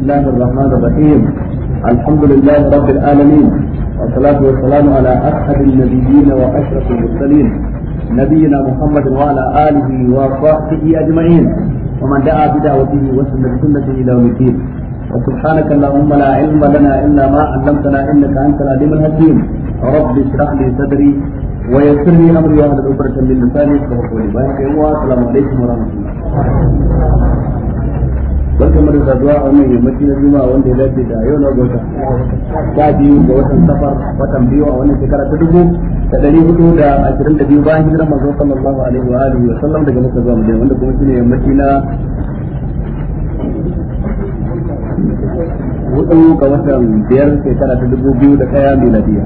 الله الرحمن الرحيم الحمد لله رب العالمين والصلاة والسلام على أسعد النبيين وأشرف المرسلين نبينا محمد وعلى آله وصحبه أجمعين ومن دعا بدعوته وسنة بسنته إلى يوم الدين وسبحانك اللهم لا علم لنا إلا ما علمتنا إنك أنت العليم الحكيم رب اشرح لي صدري ويسر لي أمري وأهل الأبرة من لساني يفقهوا قولي السلام عليكم ورحمة الله barkan mara da zuwa a wannan yammaci na juma'a wanda ya dace da yau na gota ta biyu ga watan safar watan biyu a wannan shekara ta dubu da ɗari hudu da ashirin da biyu bayan hijirar manzo sallallahu alaihi wa alihi wa sallam daga maka zuwa madina wanda kuma shine yammaci na hudu ga watan biyar shekara ta dubu biyu da ɗaya miladiya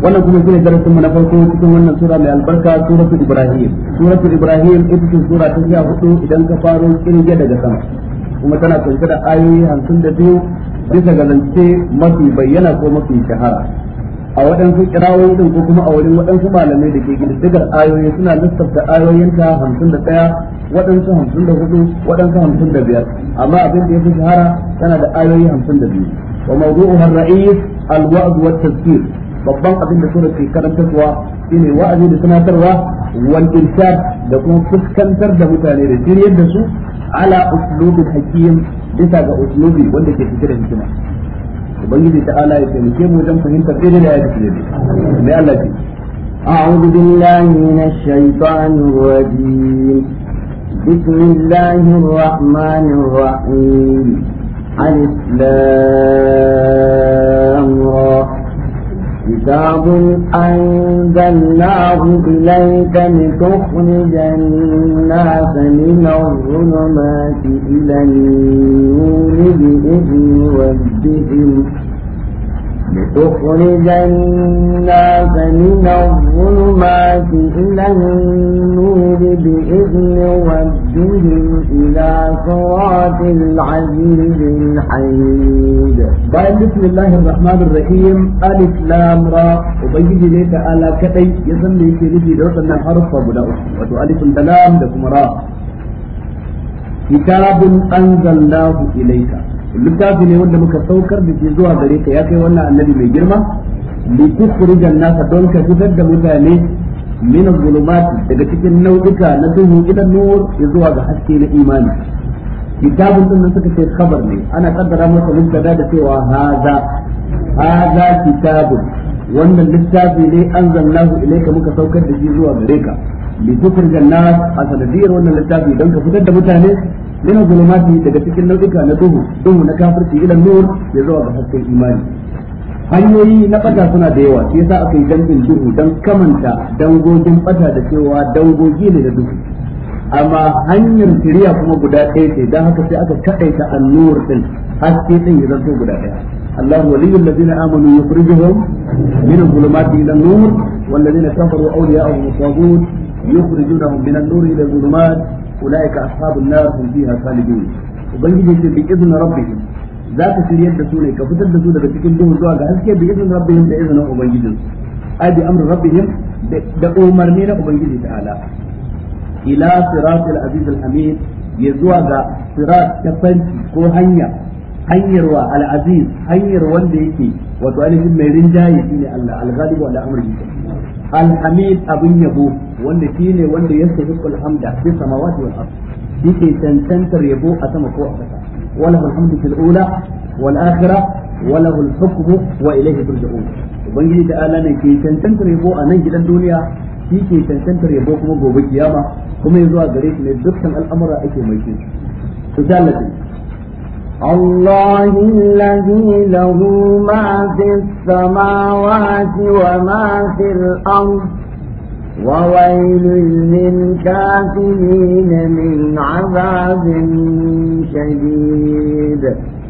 wannan kuma shine darasin mu na farko cikin wannan sura mai albarka suratu ibrahim suratu ibrahim ita ce sura ta sha hudu idan ka faro kirge daga sama kuma tana kunshe da ayoyi hamsin da biyu bisa ga zance mafi bayyana ko mafi shahara a waɗansu kirawoyi din ko kuma a wurin waɗansu malamai da ke gididdigar ayoyi suna lissafta ayoyinta hamsin da ɗaya waɗansu hamsin da hudu waɗansu hamsin da biyar amma abin da ya fi shahara tana da ayoyi hamsin da biyu wa mawdu'uha har rais al-wa'd wa tazkir babban abin da sunan ke kuwa shine wa'azi da sanatarwa wal irshad da kuma fuskantar da mutane da shiryar da su ala uslubin hakim bisa ga uslubi wanda ke fitar da hikima ubangiji ta ala ya taimake mu wajen fahimtar da ya fi da mai Allah ce أعوذ بالله من الشيطان الرجيم بسم الله الرحمن الرحيم الإسلام كتاب أنزلناه إليك لتخرج الناس من الظلمات إلى النور بإذن ربهم لتخرج الناس من الظلمات إلى النور بإذن ربهم إلى صراط العزيز الحميد بعد بسم الله الرحمن الرحيم ألف لام را وبيجي ليك على كتي يسمي في رجي دوت أن الحرف بدأ وتؤلف الدلام لكم را كتاب أنزلناه إليك littafi ne wanda muka saukar da ke zuwa gare ka ya kai wannan annabi mai girma li tukhrijan nasa don ka fitar da mutane min zulumat daga cikin nau'uka na duhu idan nur zuwa ga haske na imani kitabun din nan suka ce khabar ne ana kaddara masa mubtada da cewa haza haza kitabun wannan littafi ne anzalnahu ilayka muka saukar da shi zuwa gare ka li tukhrijan nas a wannan littafi don ka fitar da mutane yana zulumati daga cikin nau'ika na duhu duhu na kafirci ila nur ya zuwa ga hasken imani hanyoyi na bata suna da yawa shi yasa aka yi dangin duhu dan kamanta dangogin bata da cewa dangogi ne da duhu amma hanyar shari'a kuma guda ɗaya ce dan haka sai aka kaɗaita annur din haske din ya zanto guda ɗaya الله ولي الذين امنوا يخرجهم من الظلمات الى النور والذين كفروا اولياءهم الطاغوت يخرجونهم من النور الى الظلمات ulaika ashabun nar hum fiha khalidun ubangiji ce bi iznin rabbihim za ka shiryar da su ne ka fitar da su daga cikin duhu zuwa ga haske bi iznin rabbihim da iznin ubangijin ai bi amrin rabbihim da umarni na ubangiji ta'ala ila siratil aziz al hamid ya zuwa ga sirat ta fanci ko hanya hanyar wa al aziz hanyar wanda yake wato ainihin mai rinjaye shine Allah al wa ala amrihi al hamid abin yabo wanda shi ne wanda ya sahi hamda fi samawati wal ardh yake tantantar yabo a sama ko a ƙasa wala alhamdu fil ula wal akhirah wala al hukmu wa ilayhi turja'un ubangiji da ala ne ke tantantar yabo a nan gidan duniya shi ke tantantar yabo kuma gobe kiyama kuma yanzu a gare shi ne dukkan al'amura ake mai shi to ta Allah الله الذي له ما في السماوات وما في الأرض وويل للكافرين من عذاب شديد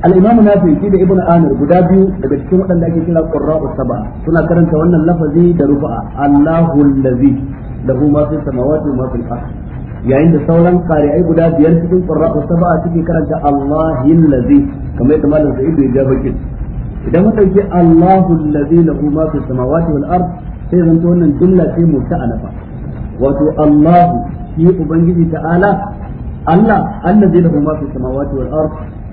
الإمام نافي كده ابن آمر قدابي بشكل وقت لك كلا قراء السبعة سنة كرن كوانا اللفظي درفع الله الذي له ما في السماوات وما في الأرض yayin da sauran qari'ai guda biyar cikin qurra'u sab'a suke karanta Allahil ladzi kamar yadda malam Sa'id ya bakin idan mu dauki Allahu ladzi lahu ma fi samawati wal ard sai zanto wannan jumla ce mu ta alafa wato Allahu shi ubangiji ta'ala Allah annabi lahu ma fi samawati wal ard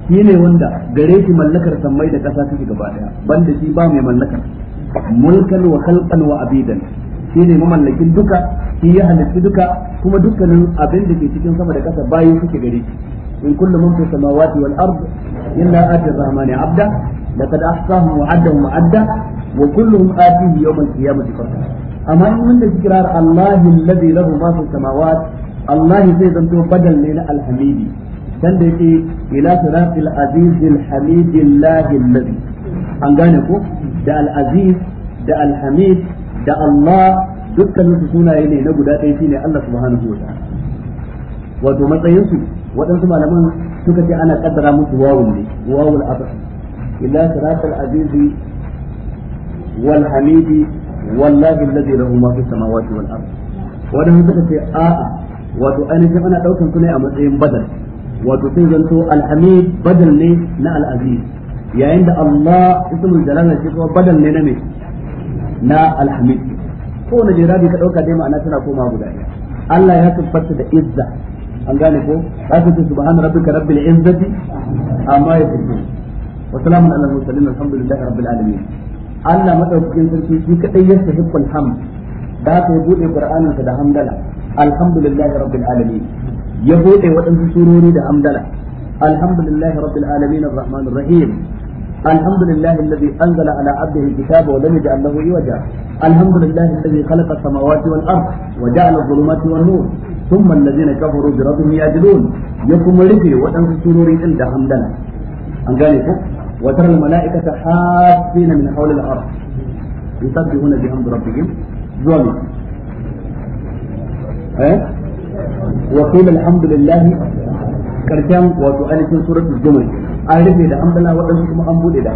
shine wanda gare shi mallakar sammai da kasa take gaba daya banda shi ba mai mallakar mulkan wa khalqan wa abidan shine mamallakin duka shi ya halitta duka kuma dukkanin abin da ke cikin sama da kasa bayan suke gare shi in kullu man fi samawati wal ard illa ati rahmani abda laqad ahsahum wa adda wa kullum atihi yawm al-qiyamati amma in mun da zikrar Allah alladhi lahu ma fi samawat Allah zai zanto badal ne na alhamidi dan da yake ila aziz al-hamid Allah an gane ko da al da al da Allah su na guda ɗaya shine Allah subhanahu wa ta'ala wato matsayinsu waɗansu malaman suka ce ana kaddara musu wawun ne wawul abad ila siratal aziz. والحميد والله الذي له ما في السماوات والارض wadanda suka ce a'a wato ainihin ana daukan su ne a matsayin badal wato sun zanto alhamid badal ne na al'aziz yayin da Allah ismul jalala ce kuma badal ne na me na alhamid ko na jirabi ka dauka dai ma'ana tana koma guda ɗaya Allah ya tabbata da izza an gane ko zaka ce subhana rabbika rabbil izzati amma yasifun wa salamun ala mursalin alhamdulillahi rabbil alamin Allah madaukakin sarki shi kadai ya sahibbul hamd da ka bude qur'anin sa da hamdala alhamdulillahi rabbil alamin ya bude wadansu surori da hamdala alhamdulillahi rabbil alamin arrahmanir rahim الحمد لله الذي انزل على عبده الكتاب ولم يجعل له عوجا الحمد لله الذي خلق السماوات والارض وجعل الظلمات والنور ثم الذين كفروا بربهم يعدلون يقوم ربي وتنسى سروري عند حمدنا ان قال وترى الملائكة حافين من حول الأرض يسبحون بحمد ربهم ظلم أه؟ وقيل الحمد لله karshen wato ainihin suratul jumu'ah an rufe da ambala waɗansu kuma an bude da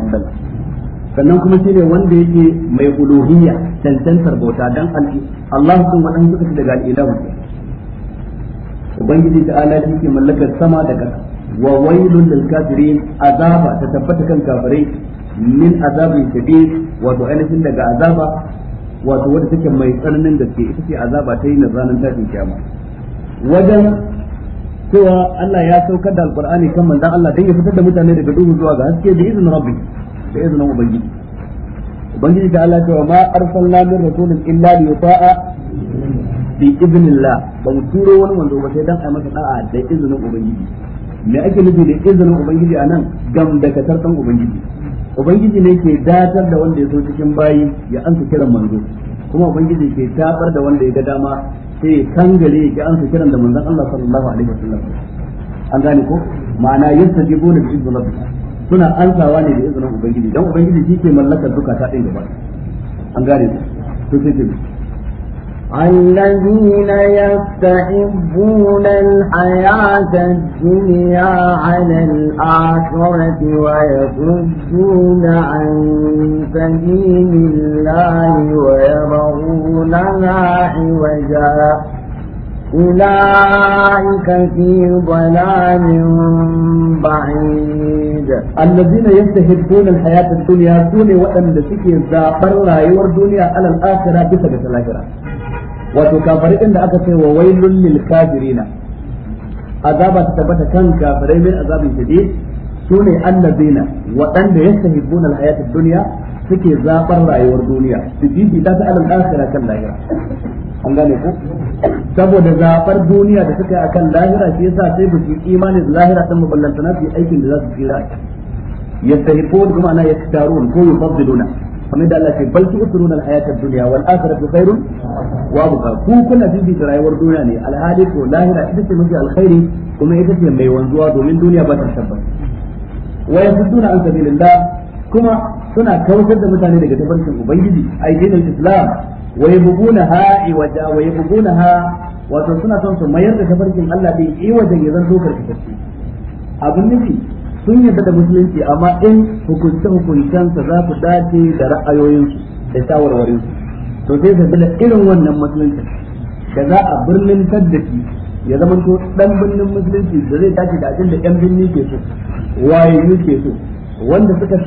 sannan kuma shi ne wanda yake mai uluhiyya cancantar bauta dan alfi Allah sun waɗansu suka daga al'ilahu ubangiji ta ala shi ke mallakar sama da ƙasa wa wailun lil kafirin azaba ta tabbata kan kafirai min azabin shadid wato ainihin daga azaba wato wanda take mai tsananin da ke ita ce azaba ta yi na zanen tashin kiyama wajen cewa Allah ya saukar da alqur'ani kan manzon Allah dan ya fitar da mutane daga duhu zuwa ga haske da izinin rabbi da izinin ubangiji ubangiji da Allah cewa ma arsalna min rasulin illa li yuta'a bi idnillah ba mu turo wani manzo ba sai dan a masa da'a da izinin ubangiji me ake nufi da izinin ubangiji a nan gam da katar dan ubangiji ubangiji ne ke datar da wanda ya so cikin bayi ya ansa kiran manzo kuma ubangiji ke tabar da wanda ya ga dama sai kangare ya ki ansa kiran da manzon Allah sallallahu alaihi wasallam an gane ko ma'ana yastajibuna bi izni rabbih suna ansawa ne da izinin ubangiji dan ubangiji shi ke mallakar duka ta din gaba an gane ko sai الذين يستحبون الحياة الدنيا على الآخرة ويصدون عن سبيل الله ويبغونها عوجا أولئك في ضلال بعيد الذين يستحبون الحياة الدنيا دون وأن تكي زابر لا يور دنيا على الآخرة بسبب الآخرة wato kafirai ɗin da aka ce wa wailul lil kafirina azaba ta tabbata kan kafirai min azabin shadid sune allazina waɗanda yastahibbuna alhayatid dunya suke zabar rayuwar duniya su ta alal akhirah kan lahira an gane ku saboda zabar duniya da suka yi akan lahira shi yasa sai ba su imani da lahira ta maballantana su yi aikin da za su tsira yastahibbun kuma ana yaktarun ko yufaddiluna kamar da Allah ce bal tu'thiruna al-hayata hayatar duniya wal akhiratu khairun wa abqa ku kuna bibi da rayuwar duniya ne alhali ko lahira ita ce mafi alkhairi kuma ita ce mai wanzuwa domin duniya ba ta tabbata wa yasudduna an sabilillah kuma suna kawar da mutane daga tafarkin ubangiji ai dinin islam wa yabghuna ha iwaja wa yabghuna ha wato suna son su mayar da tafarkin Allah din iwajen ya zanto karkatacce abin nufi sun yarda da musulunci amma in hukunce hukuncensa za su dace da ra'ayoyinsu da shawarwarinsu to sai su da irin wannan musulunci da za a birnin taddaki ya zama to dan birnin musulunci da zai dace da abin da yan birni ke so Waye wayoyi ke so wanda suka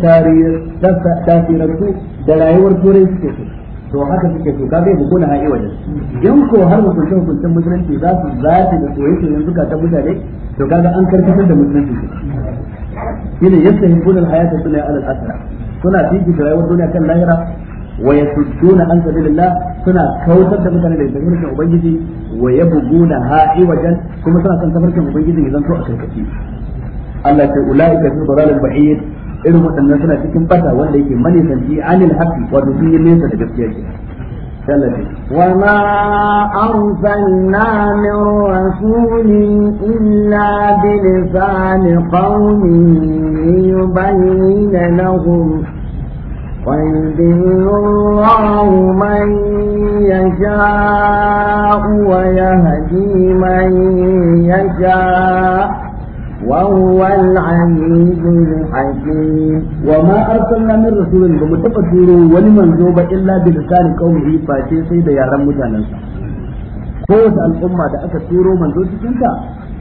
tasirantu da rayuwar turai suke so to haka suke so ka bai bukuna ha'i wajen in ko har hukuncin hukuncin musulunci za su zace da soyayya yanzu ka ta mutane to kaga an karkatar da musulunci shine yastahibuna al-hayata dunya ala al-akhirah suna fifita rayuwar duniya kan lahira wa yasudduna an sabilillah suna kautar da mutane da tafarkin ubangiji wa yabghuna ha'i wajen kuma suna san tafarkin ubangiji ya zanto a karkashi Allah ce ulaika fi dalalil ba'id irin waɗannan suna cikin bata wanda yake manisanci anil haqqi wato sun yi nesa da gaskiya ke وما أرسلنا من رسول إلا لسان قوم يبين لهم ويدل الله من يشاء ويهدي من يشاء وهو العزيز الحكيم وما أرسلنا من رسول بمتقدر ولمن زوب إلا بلسان قومه فاتي سيد يا رب متنسى kowace al'umma da aka turo manzo cikinta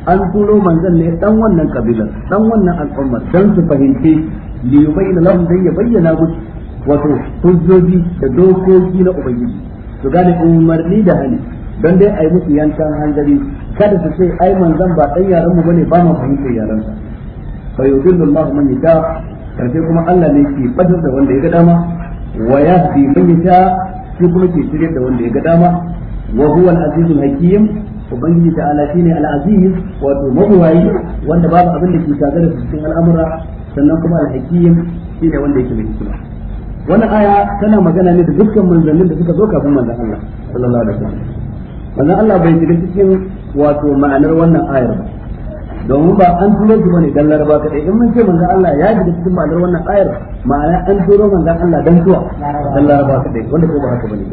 an turo manzon ne dan wannan kabilar dan wannan al'umma dan su fahimce li yubayyana lahum dai ya bayyana musu wato hujjoji da dokoki na ubangiji su gane umarni da hali dan dai ai musu yankan hanzari kada su ce ai manzon ba dan yaran mu bane ba mu fahimta yaran sa fa yudillu Allahu man yasha karshe kuma Allah ne ke fadar da wanda ya ga dama wa yahdi man yasha shi kuma ke shirye da wanda ya ga dama wa huwa al-azizul hakim ubangiji ta ala shine al-aziz wato mabuwayi wanda babu abin da ke cikin al'amura sannan kuma al-hakim shine wanda yake mai hikima wannan aya tana magana ne da dukkan manzannin da suka zo kafin manzon Allah sallallahu alaihi wasallam manzon Allah bai shiga cikin wato ma'anar wannan ayar ba domin ba an turo shi bane dan laraba kadai in mun ce manzon Allah ya shiga cikin ma'anar wannan ayar ma'ana an turo manzon Allah dan zuwa dan laraba kadai wanda ko ba haka bane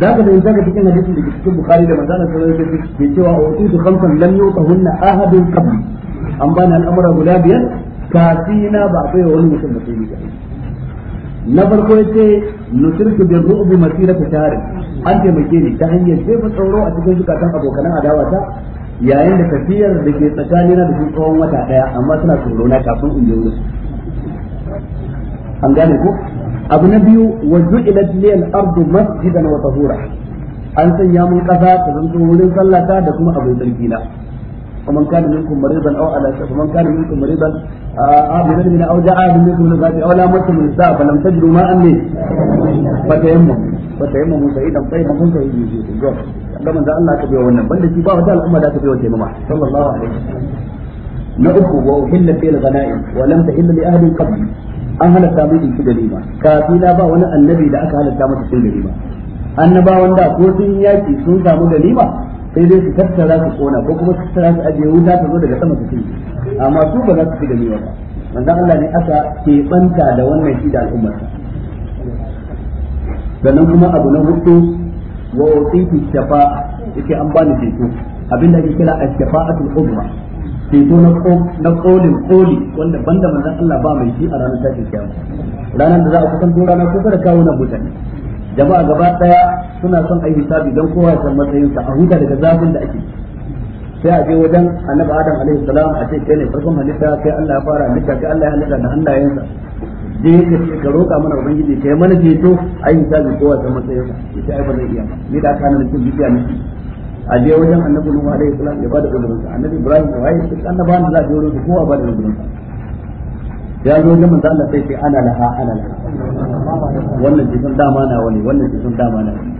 da ka da in zaka cikin hadisin da ke cikin bukhari da manzon sallallahu alaihi wasallam ke cewa wa utitu khamsan lam yutahunna ahadun qabli an bana al'amura guda biyar kafina ba bai wani mutum da sai na farko ya yace nusirtu bi ru'bi masirata shahr an taimake ni ta hanyar jefa tsoro a cikin zukatan abokan ta yayin da tafiyar da ke tsakanina da su tsawon wata daya amma suna tsoro na kafin in je wurin an gane ko abu na biyu wa ju'ilat li al-ardu masjidan wa tahura an sanya mun kasa ta zanto wurin sallata da kuma abin sarki na ومن كان منكم مريضا او na سفر ومن كان منكم مريضا عاملا من او جاء احد منكم من الغد او لامستم النساء فلم تجدوا ماء منه فتيمموا فتيمموا سعيدا طيبا كنت يجيكم جو كما ذا الله كبير wannan banda shi ba wata al'umma da ta biyo taimama sallallahu alaihi wasallam na uku wa uhillat lil ghanaim wa lam tahilla li ahadin qabli an halatta mai in ci ganima kafin na ba wani annabi da aka halatta masa cin ganima annabawan da ko sun yaki sun samu ganima sai dai su tattara su kona ko kuma su tattara su ajiye wuta ta zo daga sama su ci amma su ba za su ci ganima ba manzon Allah ne aka ke da wannan shi da al'ummar sannan kuma abu na hudu wa utitu shafa'a yake an bani ceto abinda ake kira a shafaatul uzma ceto na na kolin koli wanda banda manzan Allah ba mai shi a ranar tashin kiyama ranar da za a kusan to na kusa da kawo na mutane jama'a gaba daya suna son ai hisabi don kowa ya san matsayinsa a huta daga zafin da ake sai a je wajen annabi adam alaihi salam a ce kai ne farkon halitta sai Allah ya fara halitta sai Allah ya halitta da hannayensa je ka ce ka roƙa mana ubangiji kai mana ceto ai hisabi kowa ya san matsayinsa sai ai ba zai iya ba ni da aka hana mutum bibiya ne a je wajen annabi nuhu alaihi salam ya bada uzurinsa annabi ibrahim da yi duk annabawan da za a je wurin su kowa bada uzurinsa ya zo wajen manzo Allah sai ce ana laha ana laha wannan ce sun dama na wani wannan ce sun dama na wani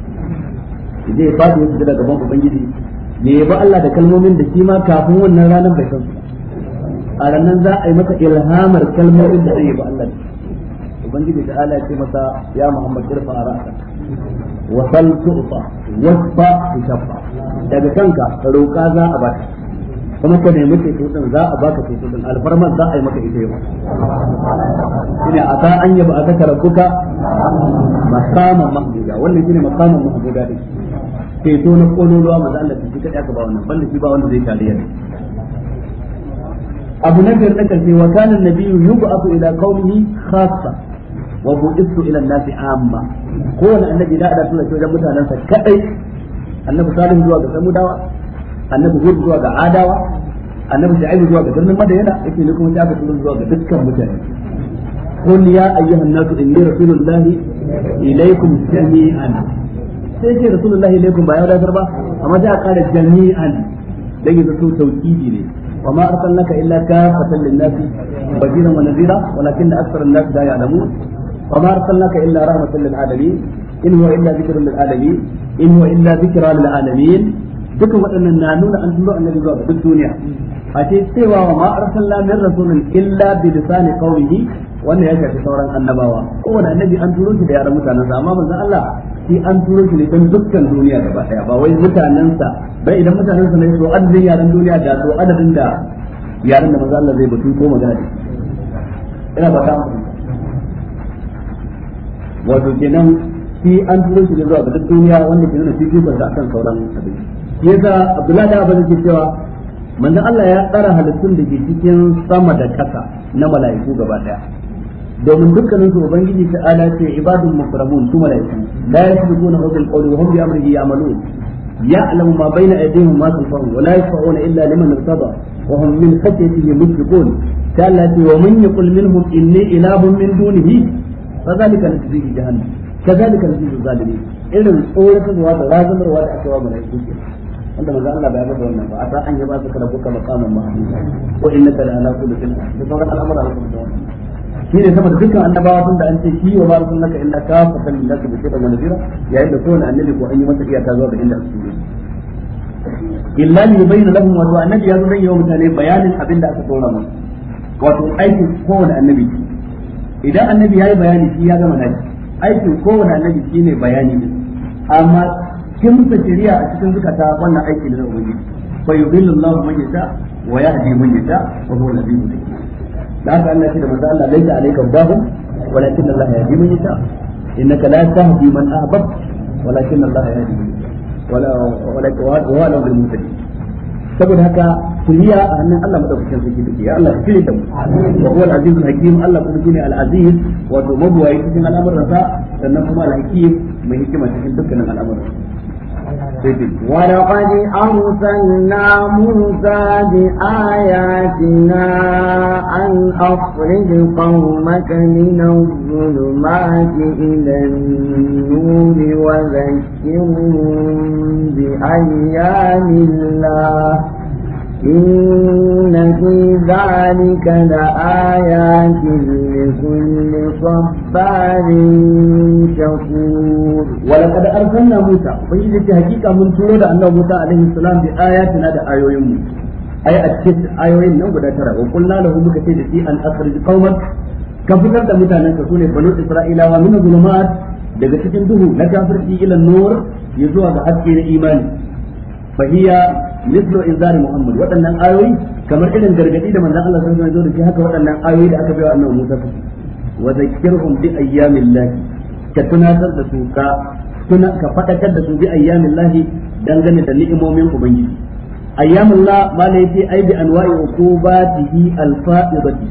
idan ya fadi ya fita daga gaban ubangiji me ya ba Allah da kalmomin da shi ma kafin wannan ranar bai san a ranar za a yi masa ilhamar kalmomin da zai yi ba Allah ubangiji da Allah ya ce masa ya Muhammad irfa a ra'sa wa sal tu'ta wasfa tushaffa daga kanka roƙa za a baka kuma ka nemi ceto din za a baka ceto din alfarman za a yi maka ita yau shine a ta an yaba aka rabbuka Masama, mahmuda wannan shine masama mahmuda din ceto na kololuwa manzo Allah shi kadai ka ba wannan balle shi ba wanda zai kariya abu na biyar na karshe wa kana nabiyyu yub'athu ila qaumihi khassa wa bu'ithu ila an-nasi amma kowane annabi da ada tura shi wajen mutanansa kadai annabi salihu zuwa ga samudawa annabi hud zuwa ga adawa annabi shu'aib zuwa ga birnin madina yake ne kuma sai aka zuwa ga dukkan mutane قل يا أيها الناس إني رسول الله إليكم جميعا sai ce rasulullahi alaikum ba ya wadatar ba amma za a jami'an dan yanzu su tawkidi ne wa ma arsalnaka illa kafatan lin-nas bashiran wa nadhira walakinna aktsara an-nas la ya'lamun wa ma illa in huwa illa zikrun lil alamin in huwa illa zikra lil alamin duka waɗannan na nuna an tuno annabi zuwa duk duniya a ce cewa wa ma arsalna min rasulin illa bi lisani qawlihi wannan ya shafi sauran annabawa kowane annabi an turo shi da yaran mutanen mutanensa amma manzon Allah shi an turo shi ne don dukkan duniya gaba daya ba wai mutanensa bai idan mutanen sa ne so adadin yaran duniya da so adadin da yaran da manzon Allah zai batu ko magana da ina ba ta wato kenan shi an turo shi ne zuwa ga duniya wanda ke nuna fifikon da akan sauran abin Ke yasa abdullahi da abin ke cewa manzon Allah ya tsara halittun da ke cikin sama da kasa na mala'iku gaba daya domin dukkanin su ubangiji ta ala ce ibadun mukramun su mala'iku la yasbiquna hu bil qawli wa hum bi amrihi ya'malun ya'lamu ma baina aydihim ma khalfahum wa la yashfa'una illa liman irtada wa hum min khashyatihi mushfiqun ta Allah ce wa man yaqul minhum inni ilahun min dunihi fa zalika najzihi jahannam kazalika nabi zalimi irin tsoratarwa da razamarwa da aka wa malaiku ke wanda manzo Allah bai bada wannan ba a san an yaba suka rabu ka maqaman mahmuda wa innaka la ala kulli shay'in da da shi ne dukkan annabawa tun da an ce shi wa ba sun naka illa ka fa kan lillahi bi shay'in min yayin da kowane annabi ko an yi masa iyaka zuwa ga inda su ne illa li yubayyana lahum wa annabi ya zo yawa mutane bayanin abin da aka tsora wato aikin kowane annabi idan annabi ya yi bayani shi ya gama nashi aikin kowane annabi shine bayani ne amma kimsa shari'a a cikin zukata wannan aiki da na ubangiji fa yudillu Allah man yasha wa yahdi man yasha wa huwa al-hakim da haka Allah shi da manzo Allah laita alayka hudahum walakin Allah yahdi man yasha innaka la tahdi man ahbabta walakin Allah yahdi man yasha wala wala wa huwa al-hakim saboda haka kuliya a hannun Allah madaukakin sarki take ya Allah kire da mu wa huwa al-aziz al-hakim Allah kuma shine al-aziz wato mabuwayi cikin al'amuran sa sannan kuma al-hakim mai hikima cikin dukkanin al'amuran ولقد أرسلنا موسى بآياتنا أن أخرج قومك من الظلمات إلى النور وذكرهم بأيام الله إن في ذلك لآيات لكل صبار شكور ولقد أرسلنا موسى فإذا حقيقة من تولد أن موسى عليه السلام بآياتنا دا آيوين أي أتشت آيوين نوم بدا ترى وقلنا له مكتير في أن أخرج قومك كفتر دا موسى نكسوني بنو إسرائيل ومن الظلمات daga cikin duhu na kafirci ila nur ya zuwa ga haske na imani fahiya in zari muhammad waɗannan ayoyi kamar irin gargadi da manzon Allah sallallahu zo da ya haka waɗannan ayoyi da aka bayar annabi Musa kashi wa zakkirhum bi ayyamillahi ka tunatar da su ka tuna ka fadakar da su bi ayyamillahi dangane da ni'imomin ubangiji ayyamullah ma la yati ai bi anwa'i uqubatihi al-fa'idati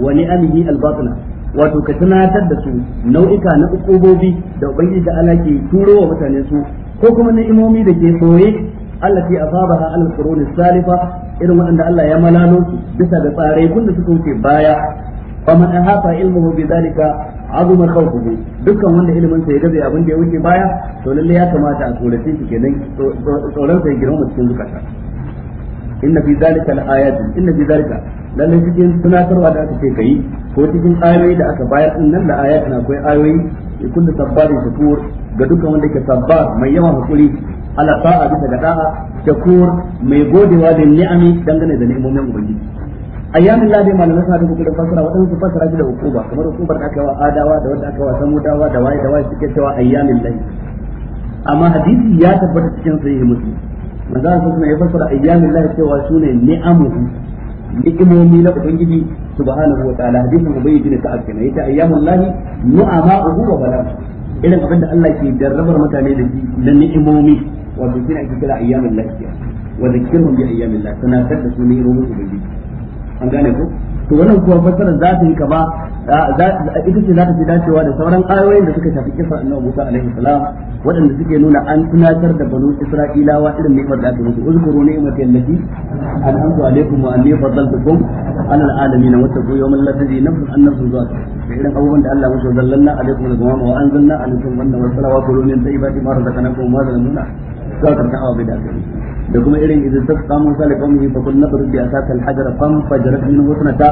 wa ni'amihi al-batina wato ka tunatar da su nau'ika na ukubobi da ubangiji da Allah ke turo wa mutane su ko kuma ni'imomi da ke soye allati asabaha al qurun salifa irin waɗanda Allah ya malalo bisa ga tsare kun da suka wuce baya fa man ahata ilmuhu bidalika azuma khawfuhu dukkan wanda ilimin ya gabe abin da ya wuce baya to lalle ya kamata a tsorace shi kenan tsoron sa ya girma cikin zukata inna fi fi da aka ce kai ko cikin ayoyi da aka bayar din nan da ayatin akwai ayoyi kullu sabbarin shakur ga dukkan wanda ke sabba mai yawan hakuri ala sa'a bisa ga da'a shakur mai godewa da ni'ami dangane da ni'imomin ubangiji ayyamin ladai malamai suna da kokarin fasara su fasara shi da hukuma kamar hukumar da aka wa adawa da wanda aka wa samudawa da waye da waye suke cewa ayyamin lahi amma hadisi ya tabbata cikin sahihi muslim manzo Allah suna ya fasara ayyamin lahi cewa ne ni'amuhu ni'imomi na ubangiji subhanahu wa ta'ala hadisin ubay bin ka'ab kenan yace ayyamin lahi nu'ama'uhu wa bala'uhu irin abin da Allah ke jarrabar mutane da shi na ni'imomi wato shi ne ake kira ayyamin lafiya wa zakirhum bi ayyamin lafiya sanatar da su ni'imomin ubangiji an gane ko to wannan kuma fassara za ta yi kama ita ce za ta fi dacewa da sauran ayoyin da suka shafi kisa annabi Musa alaihi salam waɗanda suke nuna an tunatar da banu Isra'ilawa irin ni'imar da aka musu uzkuru ni'imati allati an'amtu alaikum wa anni faddaltukum ala alalamin wa taqu yawman la tajzi nafsun an nafsun zuwa da irin abubuwan da Allah ya so zallanna alaikum da gama wa anzalna alaikum wannan wasalawa kullu min tayyibati ma razaqnakum ma zalamuna za ka ta'awa bi da da kuma irin idan ta samu sale kawai fa kullu nabru bi asaka al-hajar fam fajarat min husnata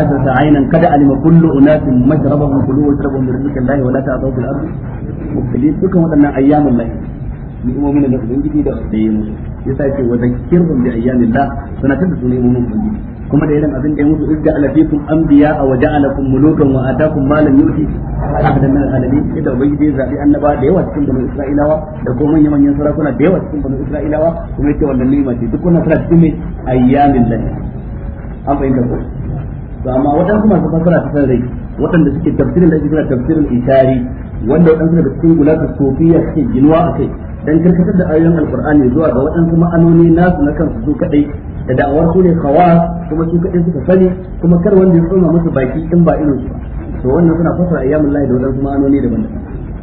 ajrata aynan kada alima kullu unasin mashrabahum kulu wa shrabu min rizqillahi wa la ta'dhu bil ardi mubtali dukan wadannan ayyamul lahi ni'imomin da ubangiji da da ya musu wa bi ayyamillah sanatar da sunan ubangiji kuma da irin abin da ya musu idda alafikum anbiya wa ja'alakum mulukan wa atakum ma lam yuti ahadan min alamin idda ubangiji ya zabi annaba da yawa cikin banu isra'ilawa da kuma manyan manyan sarakuna da yawa cikin banu isra'ilawa kuma yake wannan ni'ima ce duk wannan cikin ayyamillah an fahimta ko to amma wadansu masu fasara ta san rai waɗanda suke tafsirin da suke tafsirin isari wanda cikin sofiya suke ginuwa a kai dan karkatar da ayoyin alqur'ani zuwa ga waɗansu ma'anoni nasu na kansu su kadai da da'awar su ne khawas kuma su kadai suka sani kuma kar wanda ya tsoma musu baki in ba irin su to wannan suna fasara ayyamul lahi da waɗansu ma'anoni daban-daban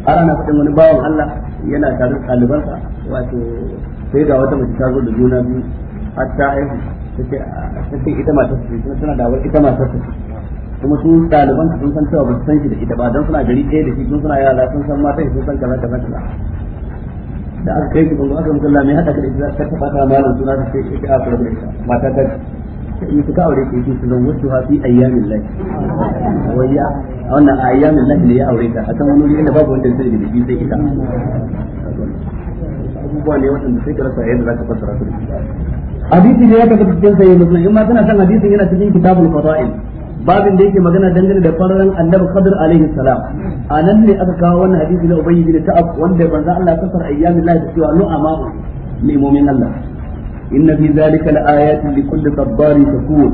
har ana fadin wani bawan Allah yana tare da talibansa wato sai ga wata mace ta zo da juna biyu har ta haihu a ce ita matar su kuma tana da'awar ita matar su kuma su ɗaliban sun san cewa ba su san shi da ita ba don suna gari ɗaya da shi sun suna yara sun san mata sun san kaza kaza kaza da aka kai ki bango aka hada ka da ita ka taba ta malam suna mata ta aure ki su zan ha fi ayyamin lahi wayya a wannan ayyamin lahi ne ya aure ta akan wani wuri babu wanda zai da shi sai ita abubuwa ne sai ka rasa yadda zaka fassara su hadisi ne ya kafa cikin in ma kana san hadisin yana cikin kitabul fadail babin da yake magana dangane da fararen annabi khadir alaihi salam a nan ne aka kawo wannan hadisi na ubayyi bin ta'ab wanda banza Allah kasar ayyami Allah da cewa nu'ama ne mu'min Allah inna fi zalika laayatin likulli sabbarin shakur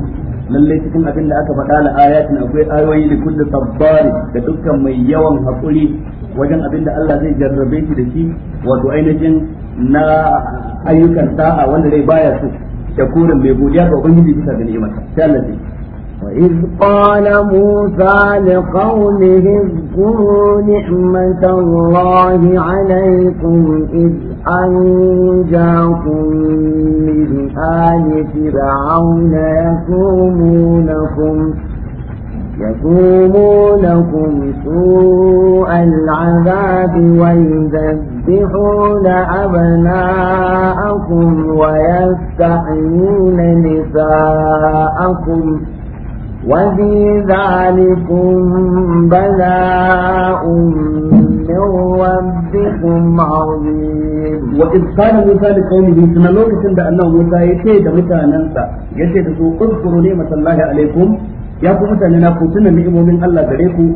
lalle cikin abin da aka faɗa la ayatin akwai ayoyi da kulli sabbarin da dukkan mai yawan hakuri wajen abin da Allah zai jarrabe shi da shi wato ainihin na ayyukan sa'a wanda zai baya su shakurin mai godiya ga ubangiji bisa ga ni'imar sai Allah وإذ قال موسى لقومه اذكروا نعمة الله عليكم إذ أنجاكم من آل فرعون يسومونكم يسومونكم سوء العذاب ويذبحون أبناءكم ويستحيون نساءكم ۖ وفي ذلكم بلاء من ربكم عظيم وإذ قال موسى لقومه سنة لوكة عند أنه موسى يشهد متى ننسى يشهد سوء اذكروا نعمة الله عليكم يا قوم أننا كنتنا نعم من الله عليكم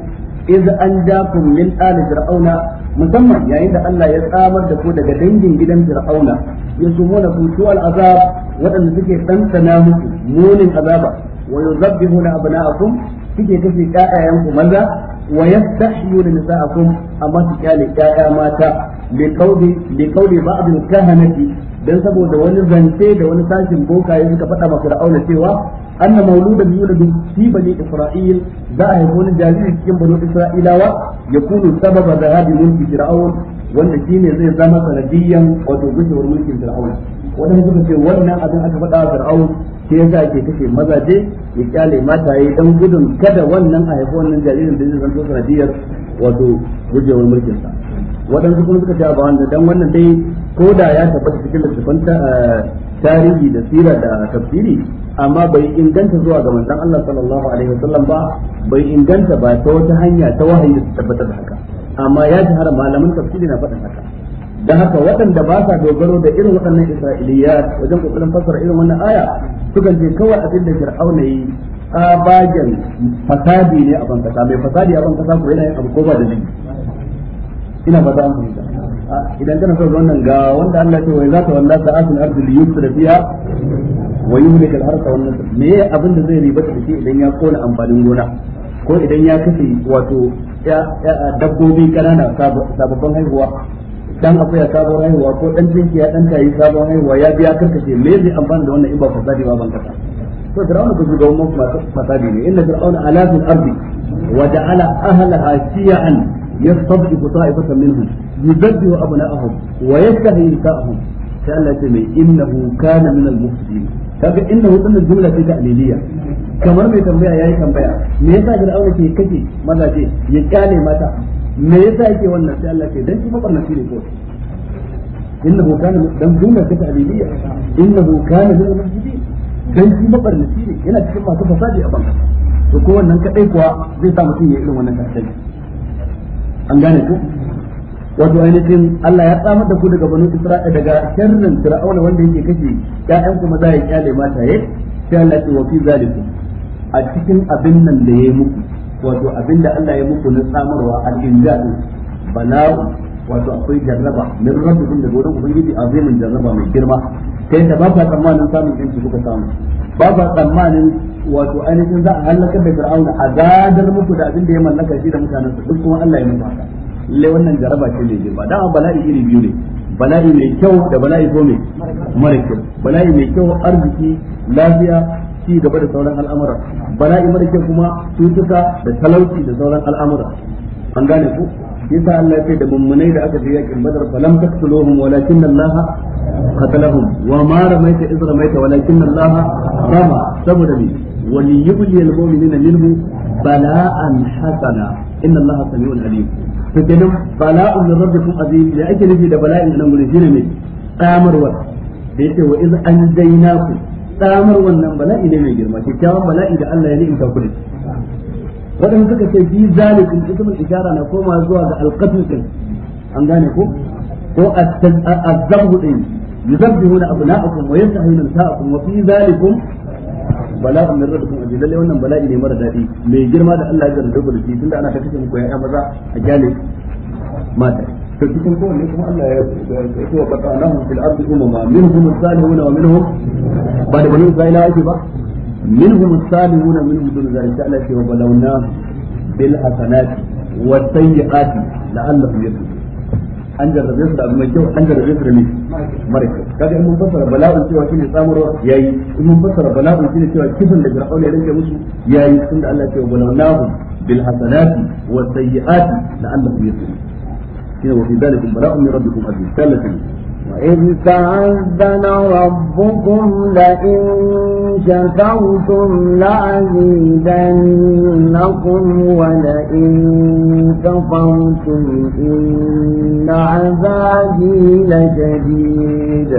إذ أنجاكم من آل فرعون musamman yayin da Allah ya tsamar da ku daga dangin gidan Fir'auna ya sumo na kutu azab waɗanda suke ɗanɗana muku munin azaba wa yuzabbihuna abna'akum kike kashe ƴaƴayen ku maza wa yastahyuna nisa'akum a su kyale ƴaƴa mata bi qawli ba qawli ba'd dan saboda wani zance da wani sashin bokaye suka faɗa ma Fir'auna cewa anna mauludan yuladu fi bani Isra'il za a haifi wani jariri cikin bani Isra'ilawa ya kunu sababa da zahabi mulki Fir'aun wanda shine zai zama sanadiyyan wato gushewar mulkin fir'aun wadanda suka ce wannan abin aka faɗa a fir'aun sai yasa ake kashe mazaje ya kyale mataye dan gudun kada wannan a haifi wannan jaririn da zai zanto sanadiyar wato gujewar mulkin sa waɗansu kuma suka ce ba wanda dan wannan dai ko da ya tabbata cikin littafin eh, tarihi da sira da tafsiri amma bai inganta zuwa ga manzon Allah sallallahu alaihi wasallam ba bai inganta ba ta wata hanya ta wahayi da tabbatar da haka amma ya ji har tafsiri na faɗin haka da haka waɗanda ba sa dogaro da irin waɗannan isra'iliya wajen kokarin fasara irin wannan aya sukan ce kawai abin da fir'auna yi tsabagen fasadi ne a bankasa mai fasadi a bankasa ko yana yin abu ko ba da jini ina ba za mu fahimta idan kana son wannan ga wanda Allah ya ce wai zaka walla ta asin ardi li yusra fiha wa yuhlik al wa an-nasr me abin da zai riba da shi idan ya kona amfanin gona ko idan ya kace wato dabbobi kanana sababbin haihuwa dan akwai ya sabon haihuwa ko dan tinki ya dan tayi sabon haihuwa ya biya karkashe me zai amfana da wannan in ba fasadi ba ban kasa to fir'auna ku ga mu fasadi ne inna fir'auna ala fil ardi wa ja'ala ahlaha shi'an yastad'ifu ta'ifatan minhum yudabbihu abna'ahum wa yastahyi nisa'ahum sai Allah ce mai innahu kana min al-mufsidin kaga innahu din jumla ce ta aliliya kamar mai tambaya yayi tambaya me yasa fir'auna ke kace mazaje ya kyale mata me yasa yake wannan sai Allah ce dan shi mabarnaci ne ko innahu kana dan dunna ta ta'liliya innahu kana min al-mujidin dan shi mabarnaci ne yana cikin masu fasadi a banka to ko wannan kadai kuwa zai sa mutum ya irin wannan kasance an gane ko wato ainihin Allah ya tsamar da ku daga banu Isra'i daga sharrin Fir'auna wanda yake kace ƴaƴan ku maza ya kyale mata yayin sai Allah ya ce wa fi zalikum a cikin abin nan da yayi muku wato abinda Allah ya muku na samarwa al-injadu bala'u wato akwai jarraba min rabbikum da gurin ubangiji azimin jarraba mai girma kai da ba ka tsammanin samun yanci kuka samu ba ka tsammanin wato ainihin za a halakar da fir'auna a gadar muku da abin da ya mallaka shi da mutanen su duk kuma Allah ya muku haka lalle wannan jaraba ce mai girma dan bala'i iri biyu ne bala'i mai kyau da bala'i ko mai mara kyau bala'i mai kyau arziki lafiya ci gaba da sauran al'amura bala'i mara kuma cutuka da talauci da sauran al'amura an gane ku yasa Allah ya da mummunai da aka je yakin badar falam taqtuluhum walakin Allah qatalahum wa ma ramaita iz ramaita walakin Allah saboda ni wani yubli al-mu'minina minhu bala'an hasana inna Allah alim to kenan bala'un rabbikum azim ake nufi da bala'in nan gurin shine ne da yake wa iz anjaynakum samar wannan bala'i ne mai girma kyakkyawan bala'i da Allah ya ni'imta ku da shi wadanda suka ce fi zalikum ismul ishara na koma zuwa ga alqatl an gane ko ko azzabhu din yuzabbihuna abna'akum wa yantahuna nisa'akum wa fi zalikum bala'un min rabbikum ajil lalle wannan bala'i ne mara dadi mai girma da Allah ya jarrabe ku da shi tunda ana ta kace muku ya'ya maza a kyale mata cikin kowanne kuma Allah ya yi wa kasa nahum fil ardi da Allah ya ce an su da abu mai kyau an jarrabe su da ne mara kyau kaga in mun fassara bala'un cewa shine samarwa yayi in mun fassara bala'un shine cewa kifin da fir'aun ya rike musu yayi tunda Allah ya ce wa balawnahum bil hasanati was sayyiati la'allahum yattaqun وفي ذلك بلاء من ربكم عزيز ثالثا إيه؟ وإذ تعذن ربكم لئن شكرتم لأزيدنكم ولئن كفرتم إن عذابي لشديد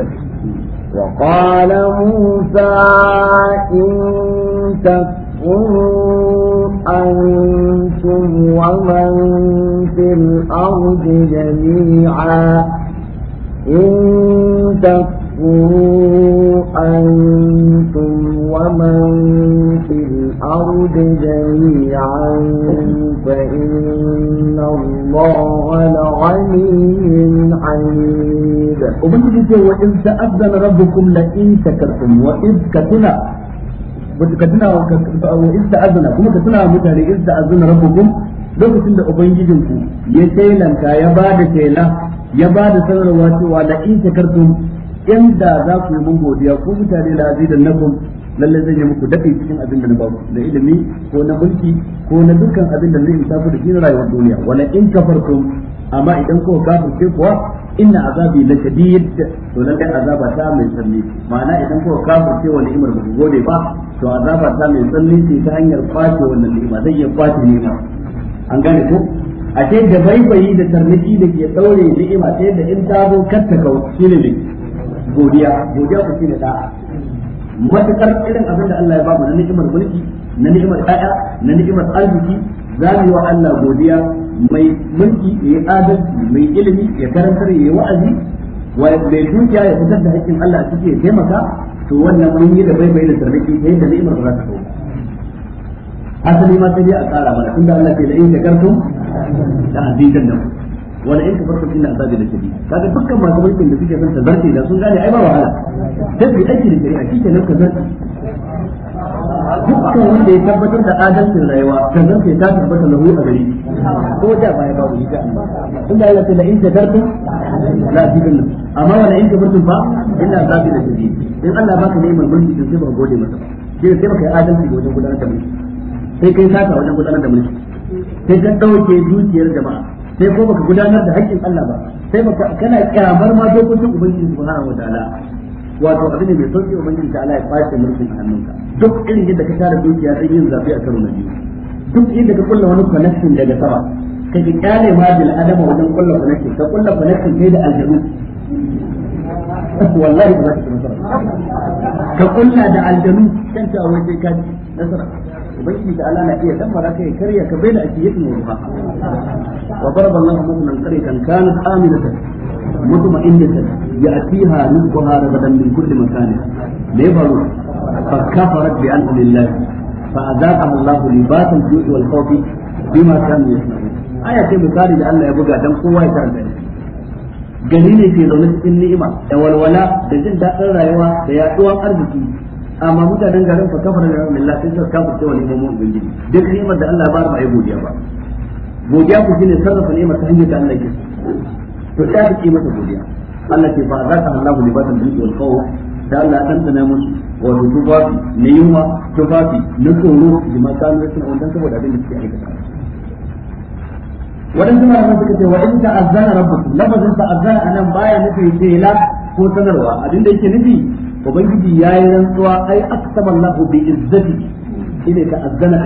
وقال موسى إن تكفروا أنتم ومن في الأرض جميعا إن تكفروا أنتم ومن في الأرض جميعا فإن الله لغني حميد وبنتي وإن تأذن ربكم لئن شكرتم وإذ كتنا ka tuna wa izda azuna kuma ka tuna wa mutane izda azna rabbukum lokacin da ubangijinku ya tailanta ya ba da taila ya ba da sanarwa cewa da in shakartum inda za ku yi mun godiya ku mutane da azidan nakum lalle zan yi muku daɗi cikin abin da na ba da ilimi ko na mulki ko na dukkan abin da zai isa ku da cikin rayuwar duniya wala in kafartum amma idan kuka kafirce kuwa inna azabi la shadid to lalle azaba ta mai sanni ma'ana idan kuka kafirce wa ni'imar ba ku gode ba to azaba ta mai tsalli ce ta hanyar kwace wannan ni'ima zai iya kwace ni'ima an gane ko a ce da baibayi da tarniki da ke daure ni'ima ta yadda in ta zo kar ta kawo shine ne godiya godiya ku shine da'a matakar irin abin da Allah ya bamu na ni'imar mulki na ni'imar ɗaya na ni'imar arziki za mu yi wa Allah godiya mai mulki ya yi adalci mai ilimi ya karantar ya yi wa'azi wa mai dukiya ya fitar da haƙƙin Allah a cikin ya taimaka to wannan mun yi da bai bai da tarnaki sai da ni'imar ba za ta kawo asali ma sai a tsara mana tunda Allah ke da in shakartum da azidan nan wala in kafartum inna azabi la kaga dukkan masu mulkin da suke son ta zarce da sun gane ai ba wahala sai su aiki da shari'a shi kenan ka zarce dukkan wanda ya tabbatar da adalcin rayuwa ka zarce ta tabbata lahu a gari ko da baya babu hijja tunda Allah ke da in shakartum la azidan amma wala in kafartum fa in Allah baka ne mai mulki sai baka gode masa sai sai baka yi adalci wajen gudanar da mulki sai kai saka wajen gudanar da mulki sai ka dauke dukiyar jama'a sai ko baka gudanar da haƙƙin Allah ba sai baka kana kyamar ma dokokin ubangiji subhanahu wataala wato abin da mai sauki ubangiji ta Allah ya kwace mulkin a hannunka duk irin yadda ka tara dukiya sai yin zabi a karo na biyu duk yadda ka kulla wani connection daga sama kake kyale ma bil adama wajen kulla connection ka kulla connection kai da aljanu wallahi ba za ka ci ka kulla da aljanu kan ta waje ka ci nasara ubangiji da Allah na iya damara kai karya ka bai da ajiyatin ruha wa daraba Allah mutman qaryatan kanat aminatan mutma'innatan ya'tiha rizquha ragadan min kulli makan me faru fa kafarat bi an'am Allah fa adaqaha Allah libas aya ce bukari da Allah ya buga dan kowa ya karanta Gani ne ke zaune cikin ni'ima da walwala da jin daɗin rayuwa da yaɗuwar arziki amma mutanen garin fa kafara da rabbil Allah sai suka kafa cewa limomin gindi duk ni'imar da Allah ba ba ai godiya ba godiya ku shine sarrafa ni'imar ta hanyar da Allah ke to ta ki mata godiya Allah ke ba za ka ba ta duki wal khawf da Allah dan dana musu wa tufafi ni'ima tubati tufafi na tsoro da makan rashin wannan saboda abin da suke aikata waɗansu malaman suka ce wa in ta'azzana rabbuk lafazin ta'azzana anan baya nufin shela ko sanarwa abin da yake nufi ubangiji yayi rantsuwa ai aqsama Allahu bi izzati shine ta'azzana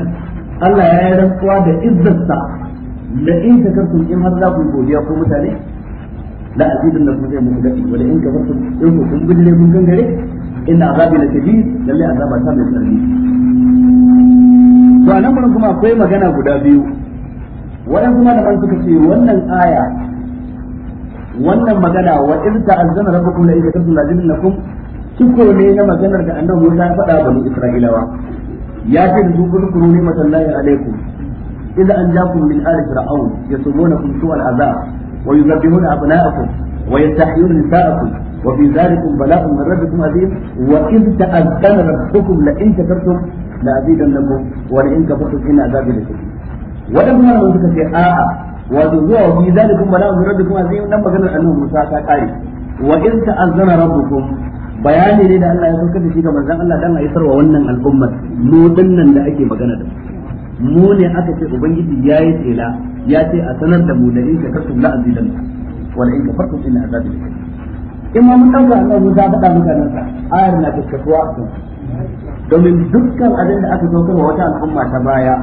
Allah yayi rantsuwa da izzarsa la in takartum in har za ku godiya ko mutane la azidun lakum zai muku dadi wala in kafartum in ku kun bidire kun gangare inna azabi la kabir lalle azaba ta mai tsarni to anan kuma akwai magana guda biyu wadan kuma da suka ce wannan aya wannan magana wa iz ta'azzana rabbukum la idza kuntum lakum kiko ne na maganar da annabi Musa ya faɗa bani Isra'ilawa ya ce da su kurkuru ne masallahi alaikum idza anjakum min ali fir'aun yasumunakum su'al azab wa yuzabbihuna abna'akum wa yastahyuna nisa'akum wa fi dhalikum bala'un min rabbikum azim wa iz ta'azzana rabbukum la in shakartum la azidannakum wa la in kafartum inna azabi lakum waɗansu malaman suka ce a'a wato zuwa wa bi zalikum bala'un min kuma azim nan maganar annabi Musa ta kare wa in ta azana rabbukum bayani ne da Allah ya saukar da shi ga manzon Allah dan a isarwa wannan al'ummar mu dinnan da ake magana da mu ne aka ce ubangiji ya yi tsela ya ce a sanar da mu da in ka shakartum la azidan wa la in kafartum inna azabi in ma mun dauka Allah Musa faɗa mutanen sa ayar na tattakuwa a kansu domin dukkan abin da aka saukar wa wata al'umma ta baya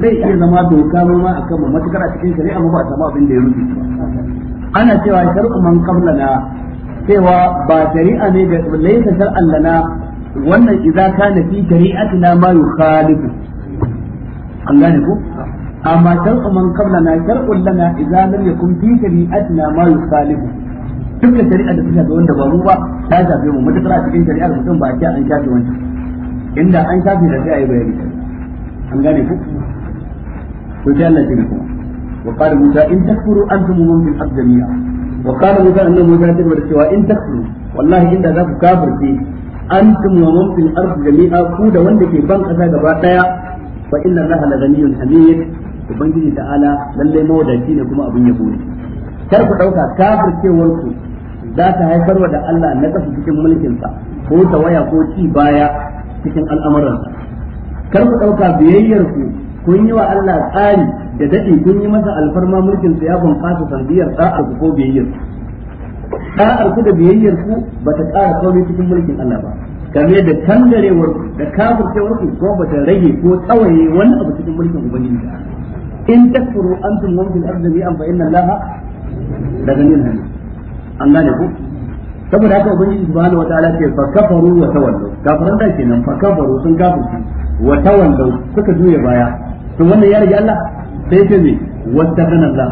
zai iya zama doka noma a kanmu matukar a cikin shari'a ba a samu abin da ya rufe ana cewa shar'u man qablana cewa ba shari'a ne da laysa shar'an lana wannan idza kana fi shari'atina ma yukhalifu an gane ko amma shar'u man qablana shar'un lana idza lam yakun fi shari'atina ma yukhalifu dukkan shari'a da take da wanda ba mu ba ta shafe mu matukar a cikin shari'ar mutum ba a an shafe wancan inda an shafe da sai ayi bayani an gane ku to sai Allah ya kuma wa qala musa in takfuru antum mun bil haq jami'a wa qala musa annahu musa ya tabbata cewa in takfuru wallahi inda za ku kafirce antum wa mun fil ard jami'a ku da wanda ke ban kasa gaba daya fa inna allaha la ghaniyyun hamid ubangiji ta'ala lalle mawadaci ne kuma abin yabo ne kar ku dauka kafircewar ku za ta haifar wa da Allah na kasu cikin mulkinsa ko ta waya ko ci baya cikin al'amuransa kar ku ɗauka biyayyar ku kun yi wa Allah tsari da daɗi kun yi masa alfarma mulkin su ya bunƙasa sanadiyar da'ar ku ko biyayyar ku da'ar ku da biyayyar ku ba ta ƙara komai cikin mulkin Allah ba game da tangarewar da kafircewar ku ko ba ta rage ko tsawaye wani abu cikin mulkin ubangiji da in takfuru antum wa fil ardi jami'an fa inna Allah la ghaniyyun an gane ku saboda haka ubangi subhanahu wa ta'ala ce fa kafaru wa tawallu kafaran da kenan fa kafaru sun kafirci wa tawallu suka juye baya to wannan ya rage Allah sai ce me wattaqana Allah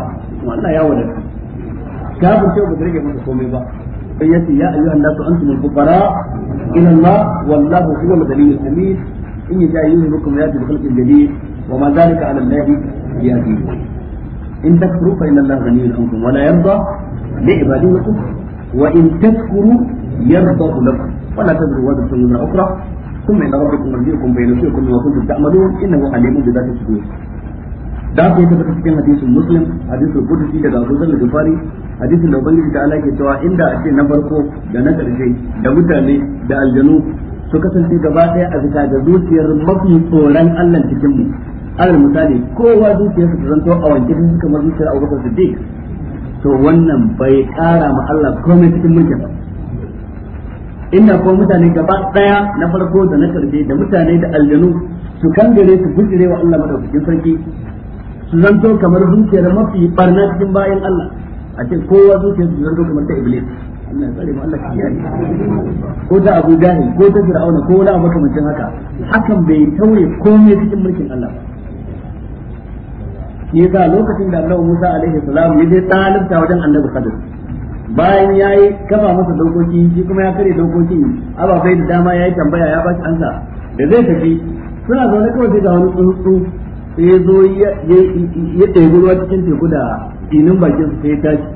wallahi ya wadata kafirce ba rage masa komai ba sai yace ya ayyuhan nasu antum al fuqara ila Allah wallahu huwa al-ghaniyyu al hamid in ya إن جاء يذهبكم يأتي بخلق جديد وما ذلك على in يأتيه fa inna Allah الله ankum wa la يرضى li ibadihi وإن تكفروا يرضى لكم ولا تدروا وزن سنة أخرى ثم إن ربكم مرجعكم بين نسيكم وما تعملون إنه عليم بذات الصدور da aka yi tabbata cikin hadisin muslim hadisin kudusi daga abu zan gifari hadisin da ubangiji ta alaƙe cewa inda a ce na farko da na ƙarshe da mutane da aljanu su kasance gaba ɗaya a bisa da zuciyar mafi tsoron allah cikin mu alal misali kowa zuciyarsa ta zanto a wanke kamar zuciyar abubakar siddiq to wannan bai kara ma Allah komai cikin mulkin ba inda ko mutane gaba daya na farko da na karshe da mutane da aljanu su kangare su bujire wa Allah madaukakin sarki su zanto kamar zuciyar mafi barna cikin bayan Allah a ce kowa zuciyar su zanto kamar ta iblis ya tsare Allah ya ko ta Abu Jahil ko ta Fir'auna ko wani abu makamancin haka hakan bai taure komai cikin mulkin Allah ba shi yasa lokacin da Allah Musa alaihi salam ya je talibta wajen Annabi Khadir bayan ya yi kafa masa dokoki shi kuma ya kare dokoki bai da dama ya yi tambaya ya ba shi ansa da zai tafi suna zaune kawai sai wani tsuntsu sai ya zo ya ɗebi ruwa cikin teku da inin bakin su sai ya tashi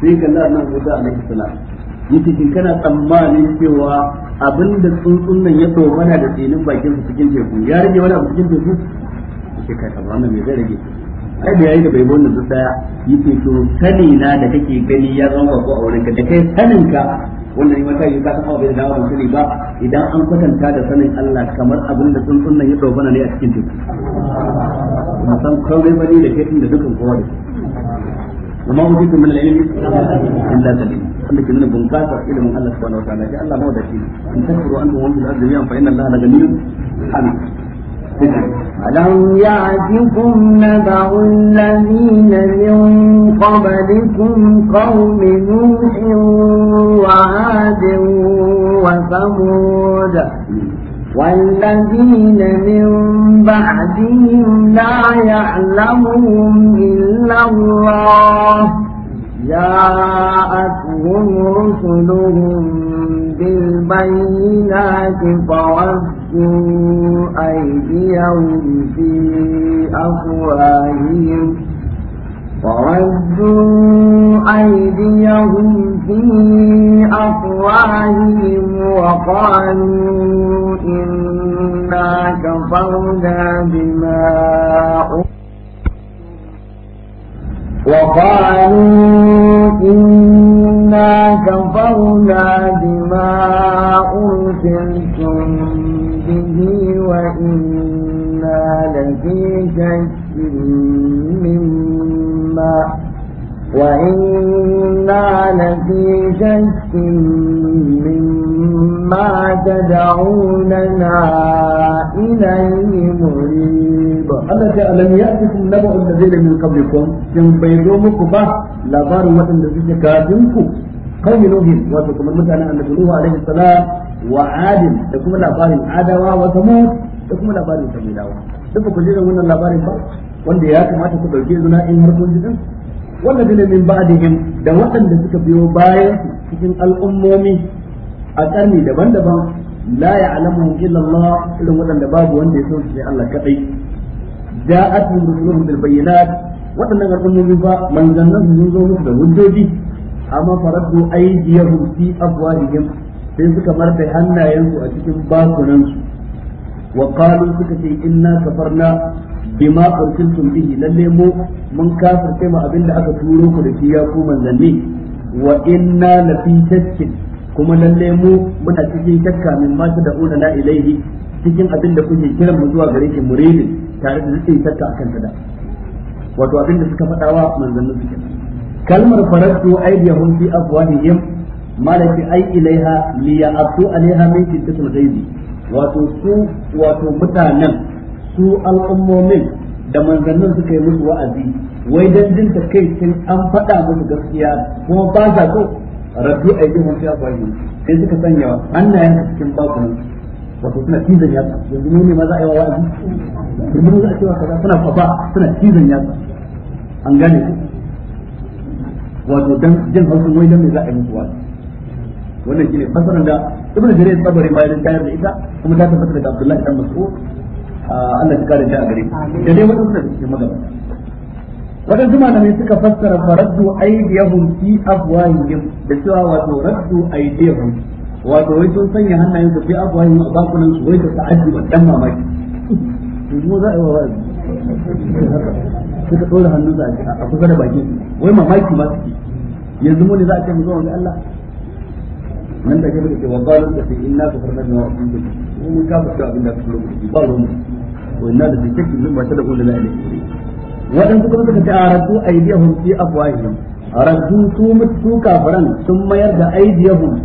sai kalla Annabi Musa alaihi salam yace kin kana tsammanin cewa abinda tsuntsun nan ya tsoma da tsinin bakin su cikin teku ya rage wani abu cikin teku sai kai tsammanin me zai rage ai da yayi da bai wannan duk daya yake to sani na da kake gani ya zama ko a wurin ka da kai sanin ka wannan ne mata ka bai abu da dawo sani ba idan an kwatanta da sanin Allah kamar abin da sun nan ya dogana ne a cikin teku san kawai bane da kai da dukan kowa da amma mu dukkan min ilmi illa qalil wanda ke nuna bunƙasa ilimin Allah subhanahu wa ta'ala ya Allah shi in takfuru an wa antum la tajidun fa inna Allah la ghaniyyun Amin. ألم يعدكم نبع الذين من قبلكم قوم نوح وعاد وثمود والذين من بعدهم لا يعلمهم إلا الله جاءتهم رسلهم بالبينات فوزوا كفوا أيديهم في أفواههم وردوا أيديهم في أفواههم وقالوا إنا كفرنا بما وقالوا إنا كفرنا بما أرسلتم به وإنا لفي شك مما وإنا لفي شك مما تدعوننا إليه مريب الله تعالى لم يأتكم نبأ الذين من قبلكم تنبيدومكم به لا بارو مثل الذين كاتمكم قوم نوح وتكم المتعنى أن نوح عليه السلام wa adin da kuma labarin adawa wa samud da kuma labarin samudawa duk ku ji wannan labarin ba wanda ya kamata ku dauke zuna in har kun wanda din min ba min ba'dihim da waɗanda suka biyo bayan cikin al'ummomi a karni daban-daban la ya alamu illallah irin waɗanda babu wanda ya sauke sai Allah da ja'atuhum rusuluhum bil bayyinat waɗannan al'ummomi ba manzannan sun zo musu da hujjoji amma faradu aydiyahum fi afwahihim sai suka marta hannayensu a cikin bakunansu wa qalu suka ce inna kafarna bima ursiltum bihi lalle mu mun kafirce ma abinda aka turo ku da shi ya ku manzanni wa inna lafi shakkin kuma lalle mu muna cikin shakka min ma ta da'una na ilaihi cikin abin da kuke kiran mu zuwa gare shi muridin tare da zai shakka akan ta da wato abin da suka faɗa wa manzannin su kenan kalmar faratu aydiyahum fi afwahihim malaki ai ilaiha li ya'tu alaiha min kitabul ghaibi wato su wato mutanen su al'ummomin da manzannin suka yi musu wa'azi wai dan jin ta kai sun an faɗa musu gaskiya ko ba sa so raddu a yi mafi akwai sai suka sanya hannayen a cikin babu wato suna cizon yatsa yanzu ne ma za a yi wa wa'azi kuma za a cewa kaza suna kwafa suna cizon yatsa an gane wato dan jin hausin wai dan me za a yi musu wa'azi wannan shine fasaran da ibnu jarir tabari ma ya tayar da ita kuma ta tabbata daga abdullahi dan mas'ud ah, Allah ya kare shi a gare da dai wadansu da suke magana wadansu malamai suka fassara faraddu aydiyahum fi afwahihim da cewa wato raddu aydiyahum wato wai sun sanya hannayen su fi afwahihim a bakunan su wai ta ta'addi wa dan mamaki mu za a yi wa wa'azi suka tsora hannun su a kusa da baki wai mamaki ma suke yanzu mu ne za a ce mu zo ga Allah nan da ke muke wa qalu da fi inna kafarna bima kuntum mun kafirta abin da kuka rubuta ba ruwan wa inna da shakki min ma tad'u lana ilayhi wadan kuma suka ce aradu aydiyahum fi afwahihim aradu su sun mayar da aydiyahum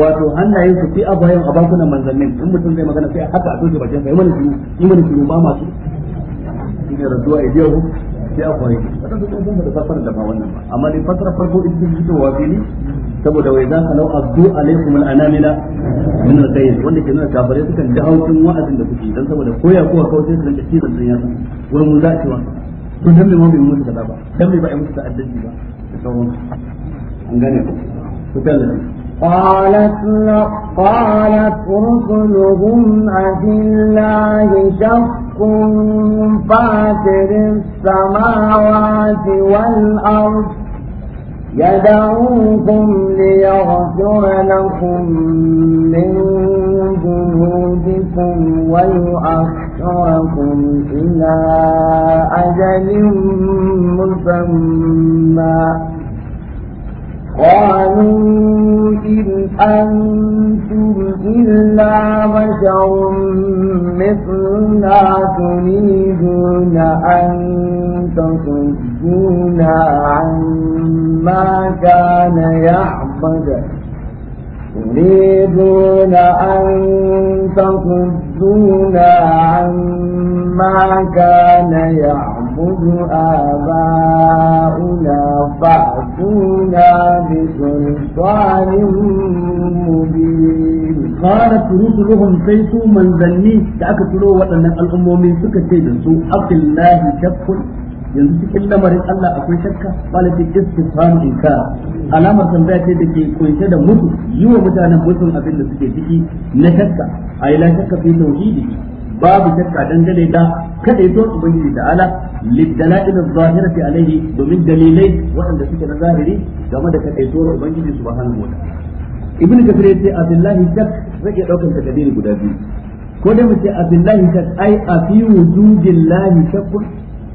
wato hannayen su fi afwahihim a manzannin in mutum zai magana sai haka a doke bakin sa yayin shiru yayin shiru ba masu shine radu aydiyahum fi afwahihim wadan kuma sun da fasara da ba wannan ba amma dai fasara farko idan fitowa fili saboda wai za ka lau abdu alaikum al'anamila min al-qayl wanda ke nuna kafare sukan dahaukin wa'azin da kuke dan saboda koya kowa kawai sai su rinka cizon dan yasa wurin mu za a cewa to dan me ma bai musu kaza ba dan me ba ai musu ta'addanci ba da sauran an gane ku ku tallafi قالت قالت رسلهم أفي الله شق فاتر السماوات والأرض يدعوكم ليغفر لكم من ذنوبكم ويؤخركم إلى أجل مسمى قالوا إن أنتم إلا بشر مثلنا تريدون أن تصدونا عما كان يعبد تريدون أن تصدونا عما كان يعبد نعبد آباؤنا فأتونا بسلطان مبين قالت رسلهم سيسوا من ذني تأكتلوا وأن الأمومين سكتين سوء أقل الله شك yanzu cikin lamarin Allah akwai shakka wala ce istifham inka alamar tambaya ce da ke kunshe da mutu yi wa mutanen mutum abin da suke ciki na shakka a yi la shakka fi tauhidi babu shakka dangane da kada yato ubangiji da ala lidalail az fi alayhi domin dalilai waɗanda suke na zahiri game da kada yato ubangiji subhanahu wa ta'ala ibnu kafir yace abdullahi shak zai daukar takadiri guda biyu ko dai mu ce abdullahi shak ai a fi wujudillahi shakkun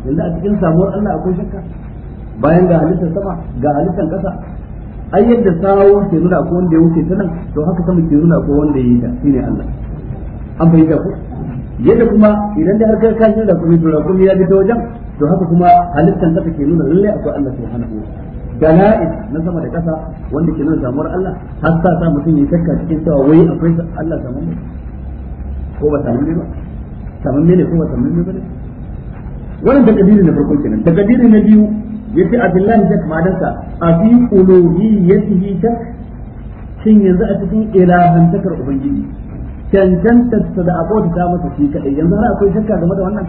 yanzu a cikin samuwar Allah akwai shakka bayan ga halittar sama ga halittar kasa ai yadda sawo ke nuna ko wanda ya wuce ta nan to haka sama ke nuna ko wanda ya yi ta shine Allah an fahimta ko yadda kuma idan da harkar kashin da kuma tura kuma ya fito ta wajen to haka kuma halittan da take nuna lalle akwai Allah subhanahu wa dala'il na sama da kasa wanda ke nuna samuwar Allah har sa sa mutum ya shakka cikin cewa wai akwai Allah samun ne ko ba samun ne ba samun ne ko ba samun ne ba ne wannan takadiri na farko kenan takadiri na biyu yace Abdullahi da madansa a fi uluhiyyatihi ta shin yanzu a cikin ilahantakar ubangiji cancantarsa da abota ta mata shi kadai yanzu har akwai shakka game da wannan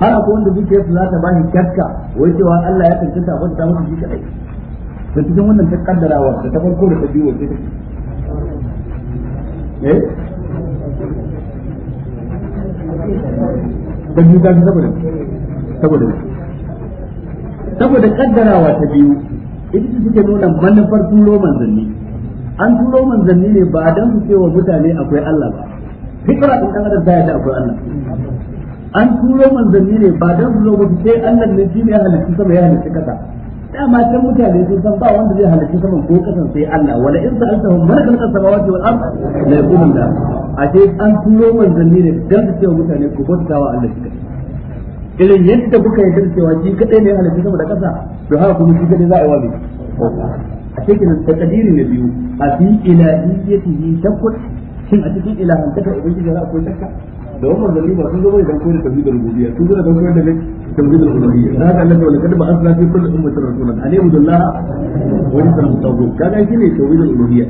har akwai wanda yadda za ta ba shi shakka wai cewa Allah ya cancanta abota ta mata shi kadai da cikin wannan ta kaddarawar da ta farko da ta biyu wace take eh ta biyu ta saboda saboda saboda kaddarawa ta biyu ita ce suke nuna manufar turo manzanni an turo manzanni ne ba dan su cewa mutane akwai Allah ba fitra din dan adam baya da akwai Allah an turo manzanni ne ba dan su zo mutu sai Allah ne shi ne ya halitta sama ya halitta kasa dama can mutane sun san ba wanda zai halitta sama ko kasan sai Allah wala in sa'altahum man khalaqa samawati wal ard la yaqulun da, a sai an turo manzanni ne dan su cewa mutane ku wa Allah shi kadai irin yadda kuka yi cewa shi kadai ne halitta sama da kasa to haka kuma shi kadai za a yi wa a cikin takadiri na biyu a fi ilahiyyatihi shakkun shin a cikin ilahantaka ubangiji za akwai shakka da wannan zalli ba sun zo bane dan koyar tauhidul rububiyya sun zo dan koyar da ne tauhidul uluhiyya da haka Allah ta walaka asla fi kulli ummatin rasulan alayhi billah wa yusra tawhid kaga shine tauhidul uluhiyya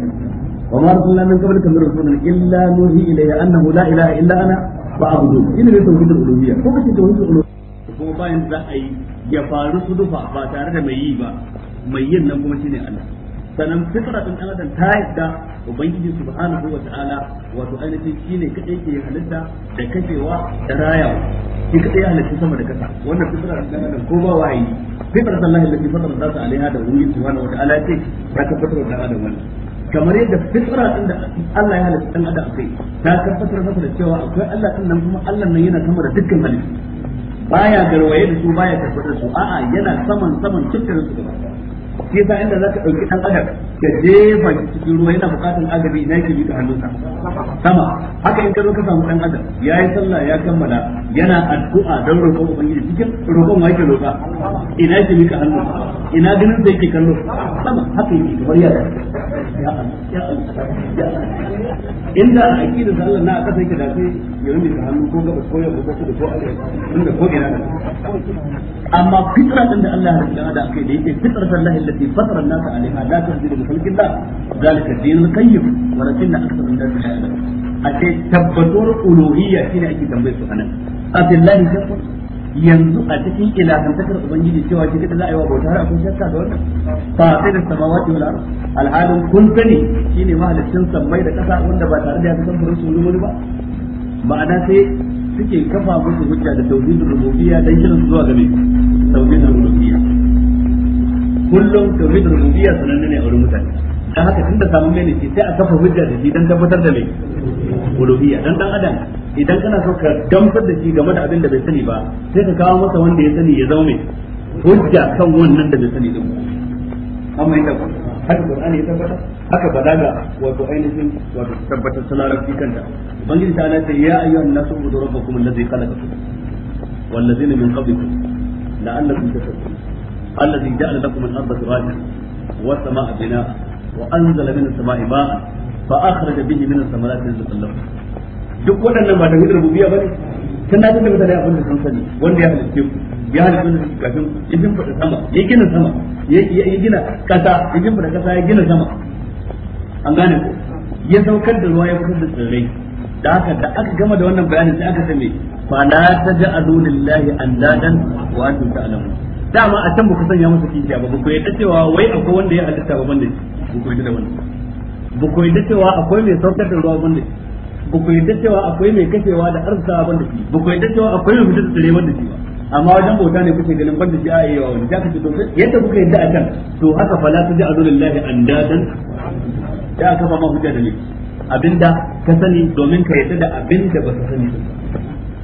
wa ma arsalna min qablika min rasulin illa nuhi ilayhi annahu la ilaha illa ana fa'budu shine ne tauhidul uluhiyya ko kace tauhidul uluhiyya kuma bayan za a yi ya faru sudufa ba tare da mai yi ba mai yin nan kuma shine Allah sanan fitra din dan adam ta yadda ubangiji subhanahu wa ta'ala wato ainihin shine kadai ke halitta da kafewa da rayawa shi kadai halitta sama da kasa wannan fitra din dan adam ko ba wahayi fitra Allah allati fatara zata alaiha da ubangiji subhanahu wa ta'ala ce ta fitra dan adam wannan kamar yadda fitra din da Allah ya halitta dan adam kai ta tabbatar masa da cewa akwai Allah din nan kuma Allah nan yana sama da dukkan halittu baya garwaye da su baya tabbatar su a'a yana saman saman dukkan su gaba shi yasa inda zaka dauki dan adam ka jefa cikin ruwa yana bukatun agabi na yake miƙa hannunsa sama haka in ka zo ka samu dan adam yayi sallah ya kammala yana addu'a dan roƙon ubangiji cikin roƙon ma yake roƙa ina yake miƙa hannu ina ganin da yake kallo sama haka yake kamar ya ya ya inda a aqidar da Allah na aka sai ka dace ya rubuta hannu ko gaba ko yamma ko kudu ko arewa inda ko ina amma fitrar da Allah ya da akai da yake da Allah التي فطر الناس عليها لا تهديد لخلق الله ذلك الدين القيم ولكن أكثر الناس لا يعلمون أتي تبتور ألوهية فينا أكي تنبيه سبحانه أفي الله شكر yanzu a cikin ilakantakar ubangiji cewa shi kada za a yi wa bautar akwai shakka da wannan fa sai da samawati wal ardh alhalin kun sani shine mahalicin sammai da kasa wanda ba tare da ya su wani ba ma'ana sai suke kafa musu hujja da tauhidul rububiyya dan kiran zuwa ga tauhidul rububiyya kullum tauhidul rububiyya sananne ne a wurin mutane dan haka tunda samu mene ce sai a kafa hujja da shi dan tabbatar da mai uluhiyya dan dan adam idan kana so ka gamsar da shi game da abin da bai sani ba sai ka kawo masa wanda ya sani ya mai hujja kan wannan da bai sani din amma ita ba haka qur'ani ya tabbata haka balaga wato ainihin wato tabbatar salarabci kanta ubangiji ta ce ya ayyuhan nasu rabbukum allazi khalaqakum wallazina min qablikum la'allakum tattaqun allazi ja'ala lakum al-ardha firashan wa as-samaa'a binaa'a wa anzala minas samaa'i maa'an fa akhraja bihi minas thamarati rizqan lakum duk waɗannan ba tauhidin rububiyya bane tun da da mutane abin da sun sani wanda ya halitta ku ya halitta wanda suke kafin ya jimfa da sama ya gina sama ya gina kasa ya jimfa da kasa ya gina sama an gane ko ya saukar da ruwa ya fitar da tsirrai da haka da aka gama da wannan bayanin sai aka ce me fa la taj'alu lillahi andadan wa antum ta'lamun dama a can ku sanya musu kishiya ba ku yadda cewa wai akwai wanda ya halitta ba banda ku yadda da wannan ku yadda cewa akwai mai saukar da ruwa banda ku yadda cewa akwai mai kashewa da arzika banda shi ku yadda cewa akwai mai fitar da tsire banda shi ba amma wajen bauta ne kuke ganin banda shi a wa wani zaka ce to yadda kuka yadda a can to haka fa la tuji azulillahi andadan ya kafa ma hujja da ni abinda ka sani domin ka yadda da abinda ba ka sani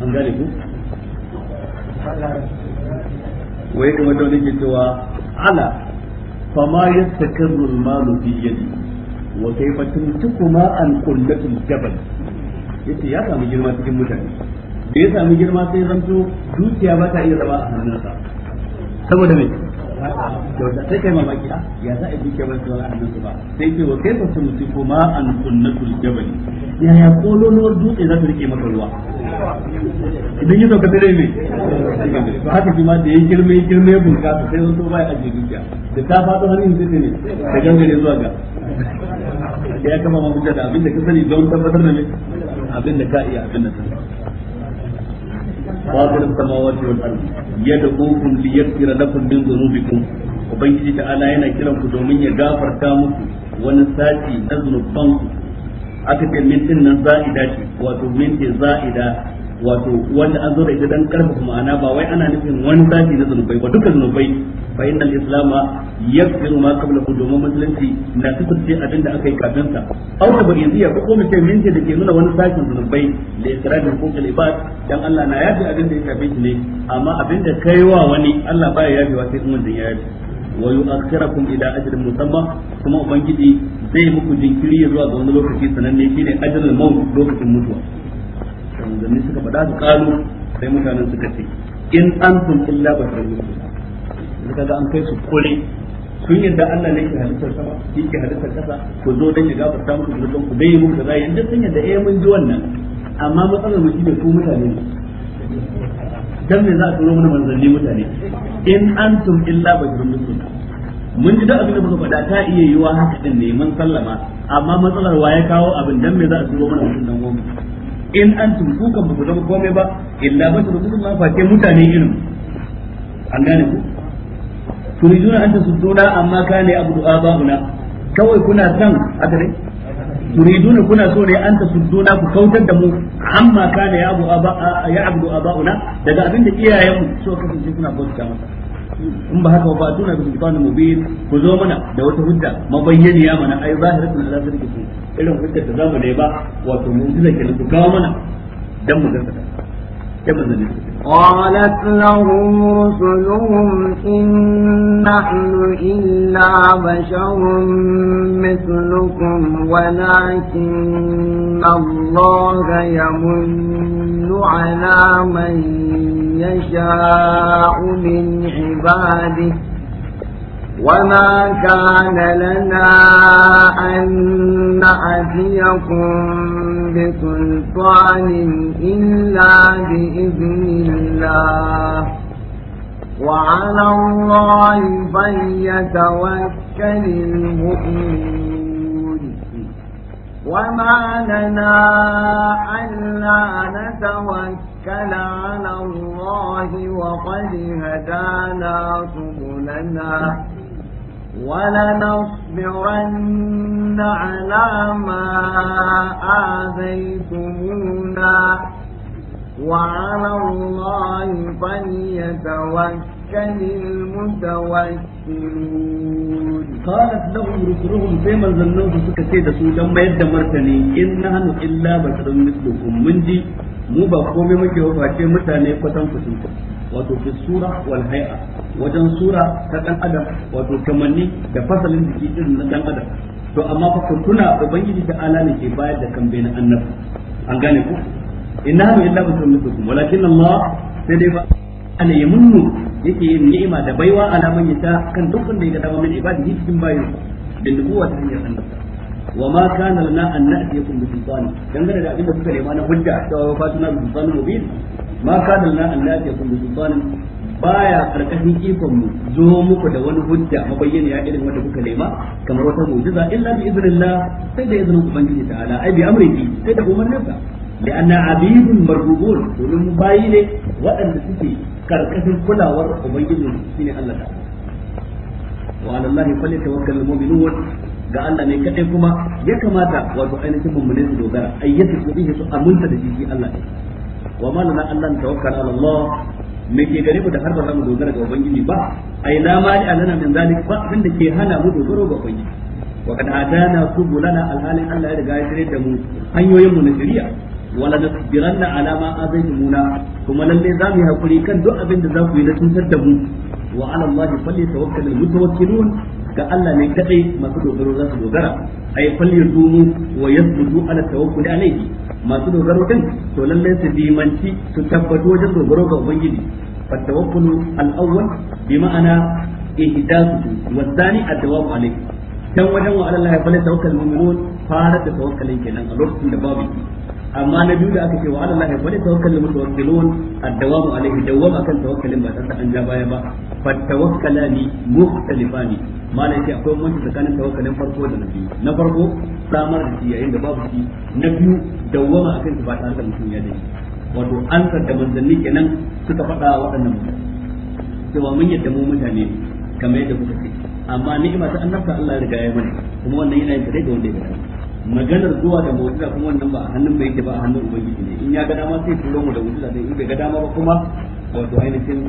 an gane ku wai kuma da wani ke cewa ala ma yastakirru al-malu fi yadi wa kayfa ma an qullatil jabal yace ya samu girma cikin mutane da ya samu girma sai zanto dukiya ba ta iya zama a hannunsa saboda me da sai kai mamaki ah, ya za a dukiya ba ta zama a hannunsa ba sai wa kai fa sun ci kuma an sunnatul jabali ya ya kololuwar dutse za ta rike maka ruwa idan ya sauka sai mai to haka shi da ya girme ya girme ya bunka sai zo bai ajiye dukiya da ta fado hannun sai ne da gangare zuwa ga ya kama ma hujja da abin da ka sani don tabbatar da me abin da ka iya abin da sani yadda السماوات والارض يدعوكم ليغفر لكم من ذنوبكم ubangiji ta ala yana kiran ku domin ya gafarta muku wani sati na zunubanku aka ce min nan za'ida ce wato min za'ida wato wanda an zo da ita dan karfafa ma'ana ba wai ana nufin wani zafi na zanubai ba duka zanubai fa innal islam yakfiru ma qabla qudumul musulunci na tukunce abin da aka yi kafin sa aw ta bayyiya ko kuma ce min da ke nuna wani sashin zanubai da ikrarul hukul ibad dan Allah na yafi abin da ya shafe ne amma abin da kaiwa wani Allah baya yafewa sai in wanda ya yafe wa yu'akhirakum ila ajalin musamma kuma ubangiji zai muku jinkiri ya zuwa ga wani lokaci sananne shine ajiyar maut lokacin mutuwa manzanni suka faɗa su kalu sai mutanen suka ce in an sun illa ba basharun suka ga an kai su kore sun yadda Allah ne ke halittar sama shi ke halittar kasa ku zo dan ya gafarta muku zunuban ku yi muku zai yanda sun yadda eh mun ji wannan amma matsalar mu ne ku mutane ne dan me za a turo mana manzanni mutane in antum illa basharun mun ji da abin da muka faɗa ta iya yiwa haka din ne mun sallama amma matsalar wa ya kawo abin dan me za a turo mana mutum dan goma in an tuntu kan ba zama komai ba illa ba su rasulullah fa ke mutane irin an gane ku juna an sudduna amma kana abu abauna kawai kuna san haka ne turiduna kuna so ne an sudduna ku kautar da mu amma kana ya abu aba ya abu abauna daga abin da iyayen mu so kasance kuna bauta masa in ba haka ba tuna bi kitabun mubin ku zo mana da wata hujja mabayyaniya mana ai zahiratun ala zalika irin hujjar da zamu ne ba wato mun jira kenan ku kawo mana dan mu gaskata قالت لهم رسلهم إن نحن إلا بشر مثلكم ولكن الله يمن على من يشاء من عباده وما كان لنا أن نعزيكم بسلطان إلا بإذن الله وعلى الله فليتوكل المؤمنون وما لنا ألا نتوكل على الله وقد هدانا سبلنا ولنصبرن على ما آذيتمونا وعلى الله فليتوكل المتوكلون قالت لهم رسلهم فيما ظنوه سكتي دسو لما يد مرتني إن نحن إلا بشر مثلكم من دي مو ba komai muke wafa ce mutane kwatan kusurku wato fi sura wal hay'a wajen sura ta dan adam wato kamanni da fasalin jiki irin na dan adam to amma fa kuna ubangiji ta ala ne ke bayar da kambe na annabi an gane ku inna ma illa mutum mutum walakin Allah sai dai ba ana yamunnu yake yin ni'ima da baiwa alaman yata kan dukkan da ya dama min ibadi cikin bayin da nubuwa ta hanyar annabi wa ma kana lana an na'tiyakum bi sultan dangane da abin da suka nema na hujja cewa fatuna bi sultan mubin ma kana lana an na'tiyakum bi sultan baya karkashin ikon mu zo muku da wani hujja mabayyana ya irin wanda kuka nema kamar wata mu'jiza illa bi idnillah sai da izinin ubangiji ta'ala ai bi amrihi sai da umarninsa لأن عبيد مرغوبون ومن باين وأن تسي كركز كلا ور أبيض من الله تعالى وعلى الله فليتوكل المؤمنون ga Allah ne kadai kuma ya kamata wato ainihin mummune su dogara ayyatu su bihi su aminta da jiki Allah ne wa ma lana an lan tawakkal ala Allah me ke gare mu da harba ba za mu dogara ga ubangiji ba ai ma a alana min zalik ba abin da ke hana mu dogaro ga ubangiji wa kad hadana subulana alhali Allah ya riga ya dire da mu hanyoyin mu na shari'a wala nasbiranna ala ma azaytumuna kuma lalle za mu yi hakuri kan duk abin da za ku yi na cutar da mu wa ala Allah falyatawakkalul mutawakkilun ga Allah ne kadai masu dogaro za su dogara ay falyatumu wa yasbutu ala tawakkuli alayhi masu dogaro din to lalle su dimanci su tabbato wajen dogaro ga ubangiji فالتوكل الأول بمعنى إهدافه wajen الدوام عليه كم وجهه على الله فليتوكل المؤمنون فارد توكل كنا الوقت da babu. amma na biyu da aka ce wa ala lahi wani tawakkal da mutawakkilun addawamu alaihi dawam akan tawakkalin ba tare an ja baya ba fa tawakkalani mukhtalifani malai ce akwai wani tsakanin tawakkalin farko da na biyu na farko samar da shi yayin da babu shi na biyu dawama akan shi ba tare da mutum ya dai wato an da manzanni kenan suka faɗa waɗannan mutane cewa mun yadda mu mutane kamar yadda kuka ce amma ni'ima ta annabta Allah ya riga ya mana kuma wannan yana yin da wanda ya maganar zuwa da mu'jiza kuma wannan ba a hannun mai yake ba a hannun ubangiji ne in ya ga dama sai turo mu da mu'jiza ne in bai ga dama ba kuma wato ainihin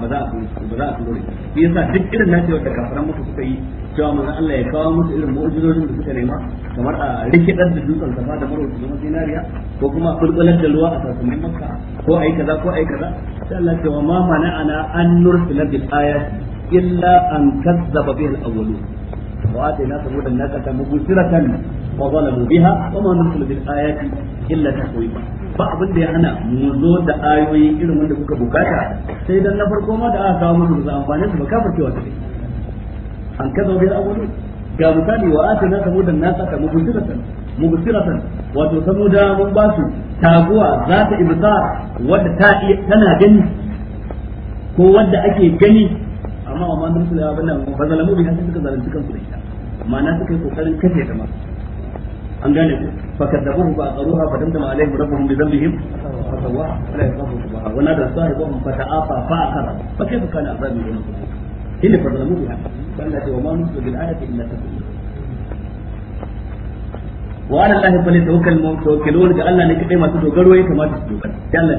ba za a ba za a turo shi yasa duk irin nacewar da kafaran muku suka yi cewa mun Allah ya kawo musu irin mu'jizojin da suka nema kamar a rikidar da dutsen safa da marwa da zama zinariya ko kuma bulbular da ruwa a sasumin makka ko ai kaza ko ai kaza sai Allah cewa wa ma ana an nursila bil ayati illa an kazzaba bihi al-awwalun وآتينا ثمود الناقة مبصرة وظلموا بها وما نرسل بالآيات إلا تخويفا ba abin da ya hana mu da ayoyi irin wanda kuka bukata sai dan na farko ma da aka kawo mana da amfani su ba kafar cewa take an kaza bai abudu ga misali wa atina samuda wato samuda mun ba su za ta ta tana gani ko wadda ake gani amma amma mun su abin nan ba zalamu bi hakan suka zalunci kansu da ita amma na suka yi kokarin kace ta ma an gane ku fa kadabu ba aqaruha fa damdama alaihim rabbuhum bi dhanbihim fa sawaha wa la yaqabu subha wa nada sahibahum fa ta'afa fa akara fa kayfa kana azabi wa nusur fa zalamu bi hakan Allah ya wa nusu bil ayati illa tafsir wa ala allahi falyatawakkalul muwakkalun ga Allah ne kadai masu dogaro ya kamata su dogara sai Allah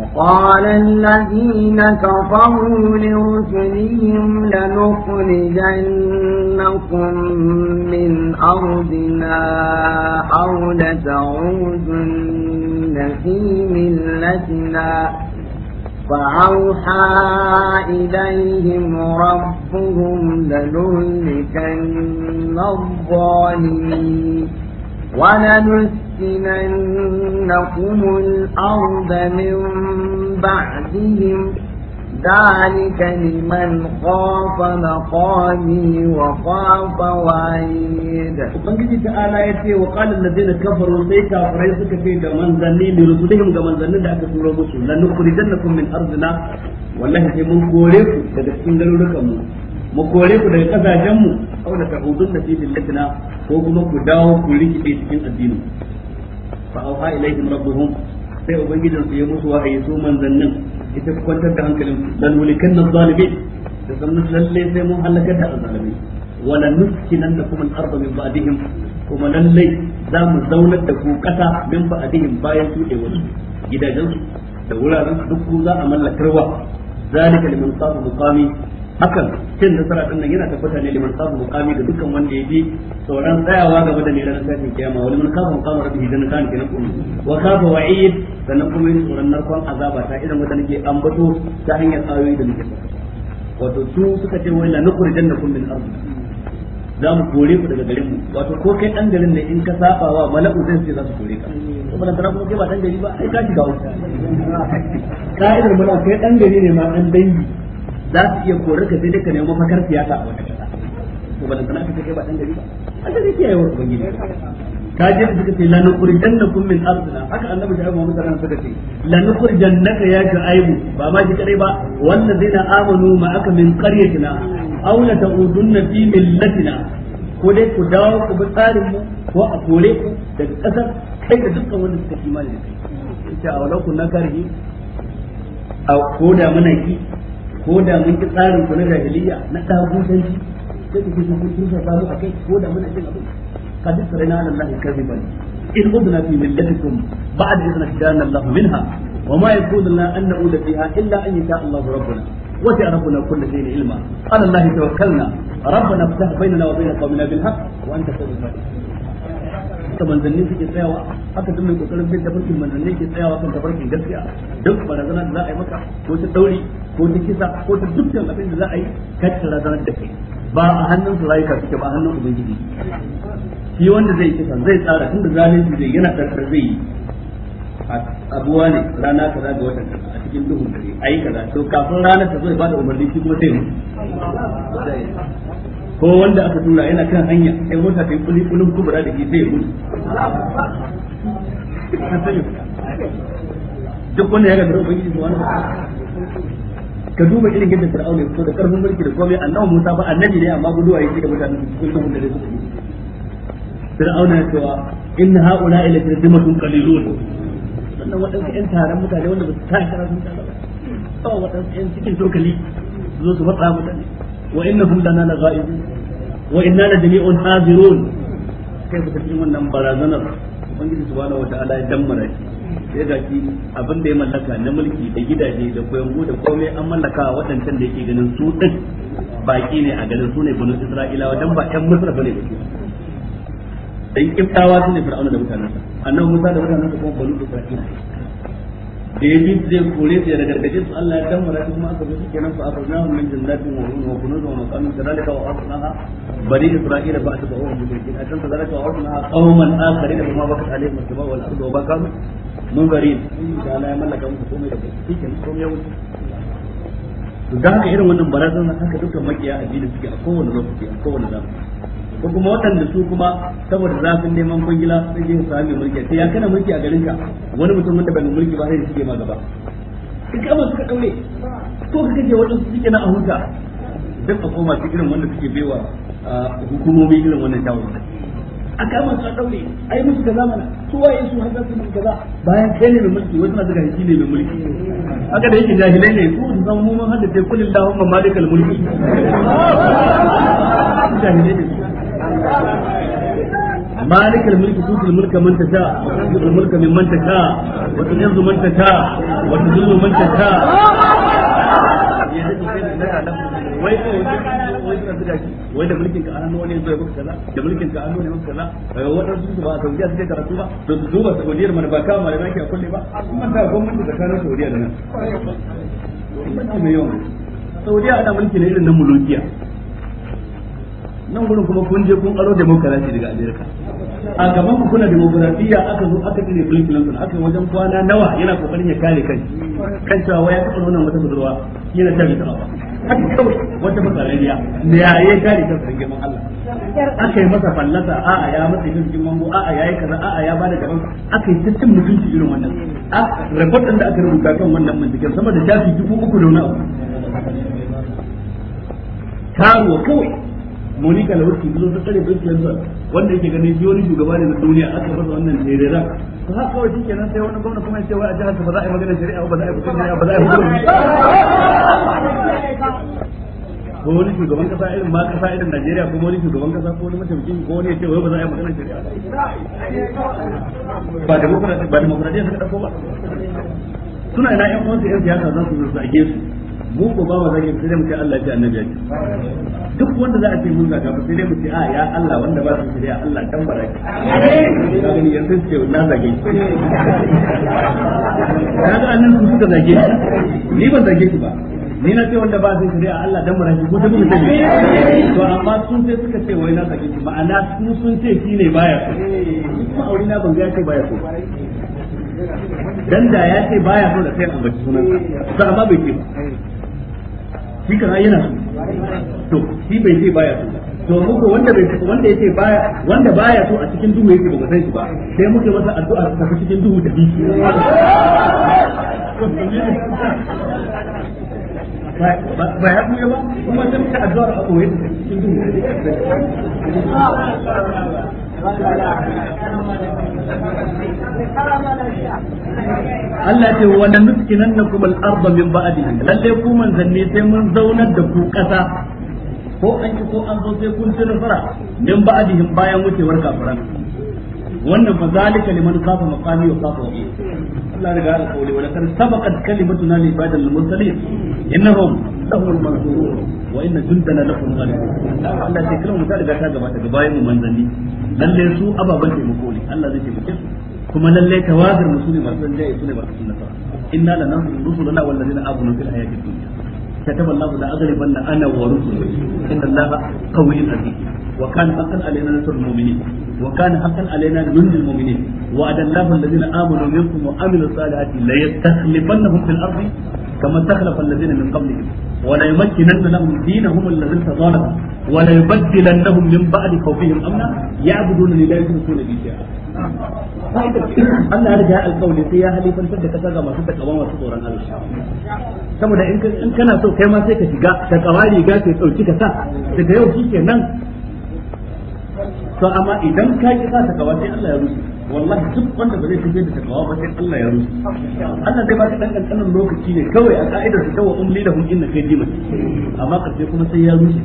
وقال الذين كفروا لرسلهم لنخرجنكم من أرضنا أو لتعودن في ملتنا فأوحى إليهم ربهم لنهلكن الظالمين ولنسكننكم الأرض من بعدهم ذلك لمن خاف مقامي وخاف وعيد ubangiji ta'ala ya ce wa qala alladheena kafaru sai kafirai suka ce ga manzanni da rusulihim ga manzannin da aka turo musu lan nukhrijannakum min arzina wallahi sai mun kore ku daga cikin garurukan mu kore ku daga kasashen mu aw la da fi millatina ko kuma ku dawo ku rikide cikin addinin fa auha sai ubangijin su ya mutuwa a su manzannin ita ku kwantar da hankalin dan wulikan nan zalimin da san lalle sai mun halakar da azalimi wala nuskinan da kuma al-ardh min ba'dihim kuma lalle za mu zaunar da ku kasa min ba'dihim bayan su da wasu gidajen da wuraren duk ku za a mallakarwa zalika liman qamu muqami hakan cin nasara din nan yana tabbata ne liman sabu muqami da dukkan wanda ya sauran tsayawa gaba da niran sashin kiyama wani mun kafa mukama rabbi dan kan kenan kuma wa kafa wa'id sannan kuma yin tsoron narkon azaba ta idan wata nake ambato ta hanyar ayoyi da nake wato su suka ce wai la nukuri nukhrijan lakum min ardi za mu kore ku daga garin mu wato ko kai dan garin ne in ka saba wa mala'u zai ce za su kore ka kuma dan kuma kai ba dan gari ba ai ka shiga wuta idan mana kai dan gari ne ma an dangi za su iya korar ka sai dai ka nemi mafakar siyasa a wata kasa to ba da sana'a kake ba dan gari ba Allah zai kiyaye wa ubangiji ka je suka ce la nukhrijannakum min ardina haka annabi da Muhammad sallallahu alaihi wasallam suka ce la nukhrijannaka ya aibu. ba ma shi kadai ba wannan zai na amanu ma aka min qaryatina aw la ta'udunna fi millatina ko dai ku dawo ku bi tsarin mu ko a kore ku daga kasar kai da dukkan wanda suka imani da kai ita a walau na karihi a ko da muna ki ko da mun ki tsarin ku na jahiliya na sai ku kishi ku tusa ba mu akai ko da muna cin abin in udna fi millatikum ba'da idh nakana allah minha wa ma yakunu lana an na'uda fiha illa an yasha allah rabbuna وسع ilma كل شيء علما على الله توكلنا ربنا افتح بيننا وبين قومنا بالحق وانت haka manzanni suke tsayawa haka duk mai kokarin bin tafarkin manzanni ke tsayawa kan tafarkin gaskiya duk barazana da za a yi maka ko ta dauri ko ta kisa ko ta dukkan abin da za a yi kacce razanar da kai ba a hannun su rayuka suke ba a hannun ubangiji shi wanda zai kisa zai tsara tunda su zai yana karfe zai yi abuwa ne rana kaza ga watan a cikin duhun dare ayi kaza to kafin ranar ta zo ya bada umarni shi kuma sai mu ko wanda aka tura yana kan hanya sai mota ta yi kuli kulin kubura da ke ya mutu duk wanda ya ga gagara ubangiji su wani ka duba irin yadda fir'aun ya fito da karfin mulki da komai annabi Musa ba annabi ne amma guduwa yake da mutanen su cikin da su fir'aun ya cewa inna haula ila tirdimatun qalilun sannan wadansu yan taron mutane wanda ba su ta karatu ba wadansu yan cikin tokali zo su matsa mutane wa innahum lana laghaib wa inna la jami'un hazirun kai ku cikin wannan barazanar ubangiji subhanahu wata'ala ya dammara shi sai ga ki abin da ya mallaka na mulki da gidaje da koyango da komai an mallaka waɗancan da yake ganin su din baki ne a ganin su ne isra'ila isra'ilawa dan ba ƴan misra bane dan kiftawa su ne fir'auna da mutanensa annabi musa da mutanensa kuma banu isra'ila da ya bi zai kore su ya da daga su Allah ya dammara su kuma aka bi kenan su akhrajahu min jannatin wa uyun wa kunuzin wa maqamin kadhalika wa awsanaha bani isra'ila ba ta ba'u bi bayyina kan kadhalika wa awsanaha qauman da kuma bakat alaihim al-jabal wal ardu wa bakam mungarin da Allah ya mallaka musu komai da komai kenan komai ya wuce to dan irin wannan barazan barazana haka dukkan makiya addini suke a kowane lokaci a kowane zamani ko kuma waɗanda su kuma saboda zafin neman kwangila sai je su sami mulki sai ya kana mulki a garin ka wani mutum wanda bai mulki ba sai suke ma gaba duk abin suka ɗaure ko ka kace wajen suke na a huta duk a koma su irin wanda suke baiwa hukumomi irin wannan shawarar a kama su a a yi musu kaza mana su waye su har su musu kaza bayan kai ne mai mulki wasu na daga shi ne mai mulki haka da yake jahilai ne su su san mu mun hada sai kullu Allahumma malikal mulki jahilai ne مالك الملك تؤتي الملك من تشاء وتنزع الملك من من تشاء وتنزل من تشاء وتذل من تشاء wai da mulkin ka a hannu wani zai maka kaza da mulkin ka an hannu ne maka kaza waɗansu su ba a saudiya suke karatu ba da su duba saudiyar mana ba kama malamai ke a kulle ba a kuma ta gwamnati da kanar saudiya da nan saudiya ana mulki na irin na mulukiya nan gurin kuma kun je kun aro demokarasi daga amerika a gaban ku kuna demokarasiya aka zo aka kire bill clinton aka wajen kwana nawa yana kokarin ya kare kai kan cewa waya kafa wannan wata budurwa yana ta bi taba haka kawai wata masalariya ne ya yi kare kansa da girman allah aka yi masa fallasa a a ya masa yin mango a a ya yi kaza a a ya bada gaban aka yi tattin mutunci irin wannan a rahoton da aka rubuta kan wannan binciken sama da shafi dubu uku da wani abu karuwa kawai monika da ta zo ta tsare bill clinton wanda yake ganin shi wani shugaba ne na duniya aka rasa wannan terera to haka kawai shi kenan sai wani gwamna kuma ya ce wai a jihar ba za a yi magana shari'a ba za a yi kusan shari'a ba za a yi hukunci wani shugaban kasa irin ma kasa irin Najeriya ko wani shugaban kasa ko wani mataimakin ko wani ya ce wai ba za a yi magana shari'a ba ba demokradiya suka dauko ba suna ina yan uwansu yan siyasa za su zage su mu ko ba mu zage sai dai mu ce Allah ya annabi ya duk wanda za a ce mun zaga sai dai mu ce a ya Allah wanda ba su shirya Allah dan baraka ka ya san ce na zage kaga annan su suka zage ni ban zage shi ba ni na ce wanda ba su shirya Allah dan baraka ko duk mu to amma sun sai suka ce wai na zage ma'ana sun sun ce shi ne baya ko kuma aure na ban ga ce baya ko. dan da ya ce baya so da sai an bace sunansa sa amma bai ce shi kan yana so to shi bai ce baya so to muku wanda bai wanda yake baya wanda baya so a cikin duhu yake ba san shi ba sai muke masa addu'a ta cikin duhu da biki ba ya buya ba kuma sai muka addu'a a koyi cikin duhu Allah ce wa nan nuskinan na kuma al'arba min ba'adi lalle ku manzanni sai mun zaunar da ku ƙasa ko an yi ko an zo sai kun ci nasara min ba'adihim bayan wucewar kafiran wannan fa zalika liman kafa maqami wa kafa wa'i Allah riga al qawli wa laqad sabaqat kalimatuna li ibadil mursalin innahum lahum mansurun wa inna jundana lahum ghalibun Allah sai kalmar ta riga ta gabata ga bayan manzanni lalle su ababan taimako ne Allah zai taimake su kuma lalle tawazir musulmi masu jaya su ne masu sunnata inna lanahum rusulana wal ladina amanu fil hayatid dunya كتب الله لأغلبن أنا ورسلي إن الله قوي عزيز وكان حقا علينا نصر المؤمنين وكان حقا علينا ننجي المؤمنين وعد الله الذين آمنوا منكم وعملوا الصالحات ليستخلفنهم في الأرض كما استخلف الذين من قبلهم وليمكنن لهم دينهم الذي ارتضى لهم وليبدلنهم من بعد خوفهم أمنا يعبدونني لا يشركون بي شيئا Allah ya riga alƙawli sai ya halifantar da kasa ga masu takawa masu tsoron Allah saboda in kana so kai ma sai ka shiga ka kawari ga ka dauki ka sa daga yau shikenan to amma idan ka ki sa ta sai Allah ya rushe wallahi duk wanda ba zai tafi da takawa ba sai Allah ya rushe Allah zai baka dan kankanin lokaci ne kawai a ka'idar ta wa ummi da hun inna kai jima amma kace kuma sai ya rushe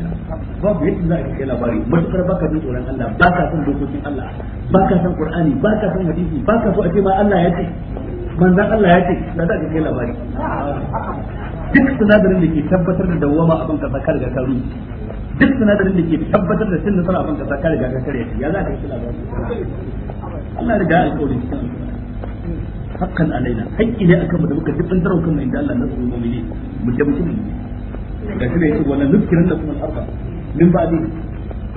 babu yadda za ka kai labari mutukar baka jin tsoron Allah baka san dokokin Allah baka san Qur'ani baka san hadisi baka so a ce ma Allah ya ce manzon Allah ya ce da za ka kai labari duk sinadarin da ke tabbatar da dawwama abin ka tsakar ga karu duk sinadarin da ke tabbatar da cin nasara abin ka tsakar ga kakar ya za ka yi shi da Allah ya riga alƙawari hakkan alaina haƙƙi ne akan mu da muka dubin darawa kan inda Allah nasu mu'mini mu da mutum ga shi ne yake wannan nuskirin da kuma arba min ba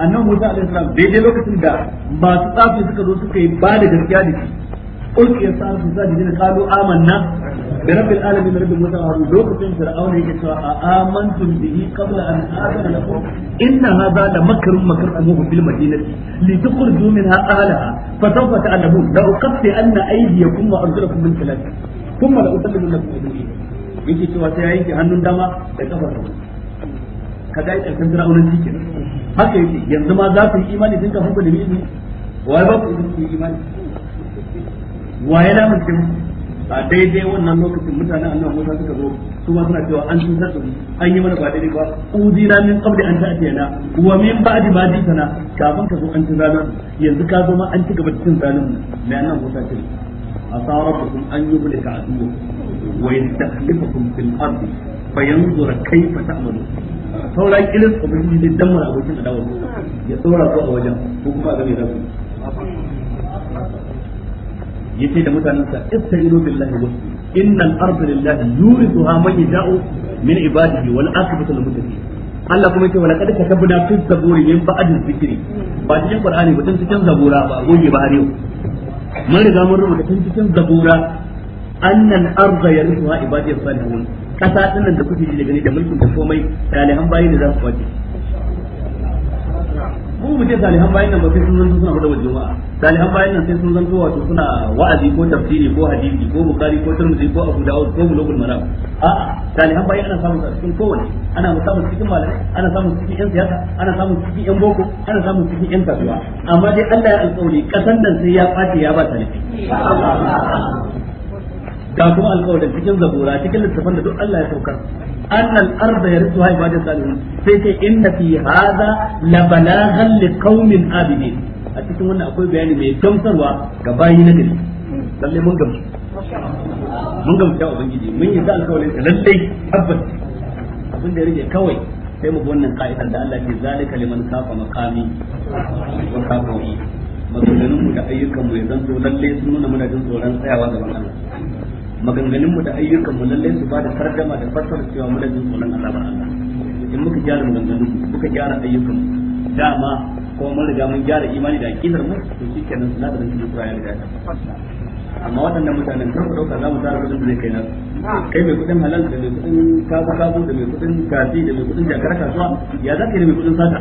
annabi Musa alaihi salam daidai lokacin da masu tsafi suka zo suka yi ba da gaskiya da shi ulki sa su za da kalu amanna da rabbil alamin rabbil musa harun lokacin fir'auna yake cewa a amantum bihi qabla an azana lakum inna hadha la makrun makrumuhu fil madinati li tukhruju minha ahliha fa sawfa ta'lamun la uqatti anna aydiyakum wa arjulakum min khilaf thumma la usallimunakum ilayhi yake cewa sai yayin ki hannun dama da haka yake yanzu ma za ku yi imani tun kafin ku da miji wai ba ku yi imani waye na mutum a daidai wannan lokacin mutanen annabi Musa suka zo su ma suna cewa an cutar da mu an yi mana ba daidai ba uzina min qabli an ta'tiyana wa min ba'di ma jitana kafin ka zo an ci zalun yanzu ka zo ma an ci gaba da cin zalun mai annabi Musa ce asa rabbukum an yublika adu wa yastakhlifakum fil ardi fayanzura kayfa ta'malun saura kilis ubangiji dan mara abokin adawa ya tsora ku a wajen ko kuma a ga me za yace da mutanansa istaghfiru billahi wa innal arda lillahi yurithuha man yasha'u min ibadihi wal aqibatu lil muttaqin Allah kuma yake wala kad katabna fi zaburi min ba'di zikri ba cikin qur'ani ba cikin zabura ba goge ba har yau mun riga mun rubuta cikin zabura annan arda yarithuha ibadiyas salihun kasa din da kuke ji da gani da mulkin da komai salihan bayi da za su kwace mu mu ce salihan bayan nan ba sai sun zanto suna fadawar juma'a salihan bayan nan sai sun zanto wato suna wa'azi ko tafsiri ko hadisi ko bukari ko turmudi ko abu ko bulugul maram salihan bayan ana samun cikin ana samun cikin malamai ana samun cikin yan siyasa ana samun cikin yan boko ana samun cikin yan kasuwa amma dai Allah ya alƙawari kasan nan sai ya fati ya ba salihi ga kuma alƙawarin cikin zabura cikin littafin da duk Allah ya saukar annal arda yarithuha ibadu salihin sai ce inna fi hadha la balaghan liqaumin abidin a cikin wannan akwai bayani mai gamsarwa ga bayi na gari lalle mun gamsu mun gamsu ya ubangiji mun yi da alƙawarin ta lalle tabbas abin da ya kawai sai mu bi wannan ka'idar da Allah ke zalika liman kafa maqami wa kafa maganganunmu da ayyukanmu ya zanto lalle sun nuna muna jin tsoron tsayawa gaban Allah maganganun mu da ayyukan mu lalle su ba da tarjama da fassara cewa mu da jin tsoron azabar Allah in muka gyara maganganun mu muka gyara ayyukan mu dama ko mun riga mun gyara imani da aqidar mu to shikenan sunadarin cikin Qur'ani da ya fassara amma waɗannan mutanen kan ku ɗauka za mu tara kudin da zai kai na kai mai kudin halal da mai kudin kafu kafu da mai kudin gafi da mai kudin jakar kasuwa ya za ka yi da mai kudin sata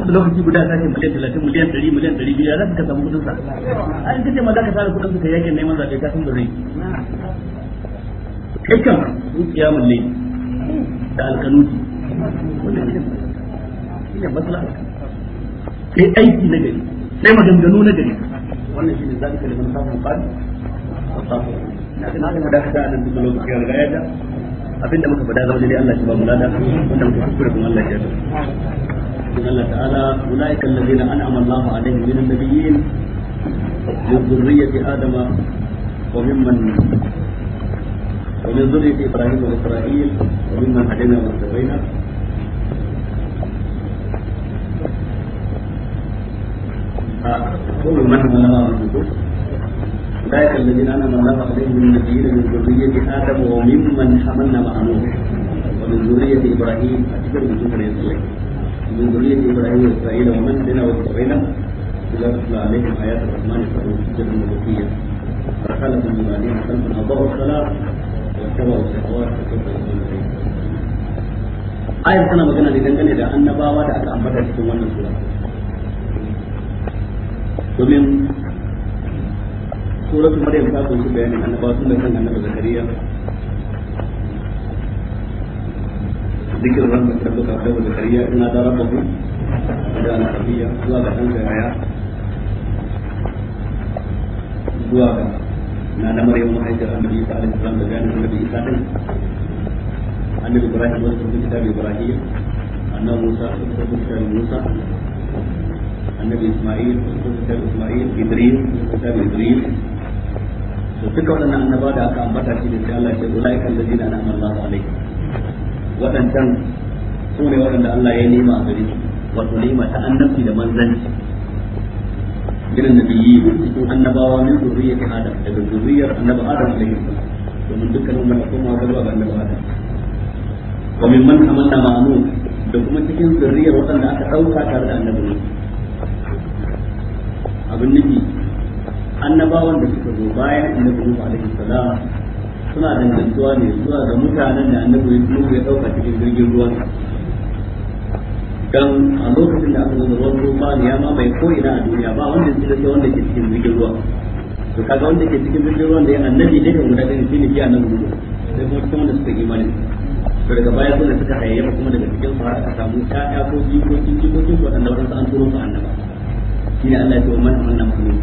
wasu lokaci guda sace miliyan talatin miliyan ɗari miliyan ɗari biyu ya za ka samu kudin sa a in kace ma za ka tara kudin ka yakin neman zaɓe ka san ba zai kai kan zuciya mulle da alkanuti wannan shi ne matsala kai aiki na gari sai maganganu na gari wannan shine zaka kalmar kafin qad na ga da hada nan duk lokaci ga ya da abinda muka fada zama dai Allah shi ba mu wanda muka kuskure kuma Allah ya yarda إن الله تعالى أولئك الذين أنعم الله عليهم من النبيين من ذرية آدم وممن ومن ذرية إبراهيم وإسرائيل وممن هدينا واستوينا قول من من لما رجوكم أولئك الذين أنعم الله عليهم من النبيين من ذرية آدم وممن حملنا مع نوح ومن ذرية إبراهيم أكثر من ذكر يصلي من ذرية إبراهيم وإسرائيل ومن دنا واستغينا إذا تتلى عليهم آيات الرحمن فأولوا سجدا ملوكيا فخلف من بعدهم خلف أضاعوا الصلاة واتبعوا الشهوات فسوف يصلون آية سنة magana ne dangane da annabawa da aka ambata cikin wannan sura domin surat maryam ta ku da yana an bawo da nan ga zakariya dikiran da ta ka da zakariya ina da rabbu da na rabbiya zuwa ga hanga ya zuwa ga nan maryam mai da annabi ta alaihi Anda da ganin annabi isa din annabi ibrahim da kuma kitab ibrahim musa da kuma musa annabi Isma'il da Isma'il Idris da Idris to duka waɗannan annaba da aka ambata shi da sai Allah ya ce su ne waɗanda Allah ya nema a gare su wato nema ta da manzanci irin nabiyyi cikin annabawa min zurriyyati Adam daga annabi Adam domin dukkanin annabi Adam ma'anu da kuma cikin zuriyar waɗanda aka ɗauka tare da annabi Musa abin nufi annabawan da suka zo bayan annabi Nuhu alaihi salam suna da dangantuwa ne zuwa ga mutanen da annabi Nuhu ya dauka cikin jirgin ruwa dan a lokacin da aka zo ruwan ruwa ne ya bai ko ina a duniya ba wanda zai sai wanda ke cikin jirgin ruwa to kaga wanda ke cikin jirgin ruwan da ya annabi ne da guda ɗaya shine shi annabi Nuhu sai kuma cikin wanda suka imani to daga baya sune suka hayayyafa kuma daga cikin su har aka samu ƴaƴa ko jikokin jikokin waɗanda waɗansu an turo su annaba shine Allah ya ce wa man amanna mu'min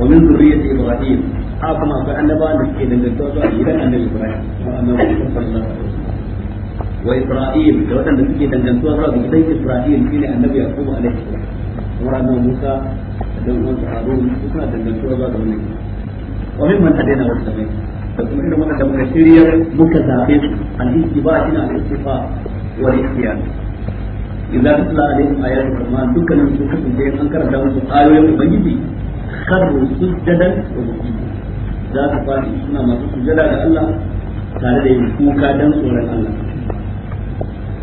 wa min zurriyyati ibrahim a kuma akwai annabawa da suke dangantawa zuwa gidan annabi ibrahim wa annabi sallallahu alaihi wasallam wa Ibrahim da waɗanda suke dangantuwa zuwa ga gidan Ibrahim shine Annabi Yaqub alaihi salam kuma Annabi Musa da Musa Harun suna dangantuwa zuwa ga wannan wa min man hadaina wa tabi'a da kuma irin wannan da muka shirya muka zabe su al-istiba shine al-istifa wal ikhtiyar Idan idza tutla alaihim ayatu rahman dukkanin su kasance an karanta musu ayoyin ubangiji kharru sujjadan wa bukiyya za su fadi suna masu sujjada ga Allah tare da yin kuka dan tsoron Allah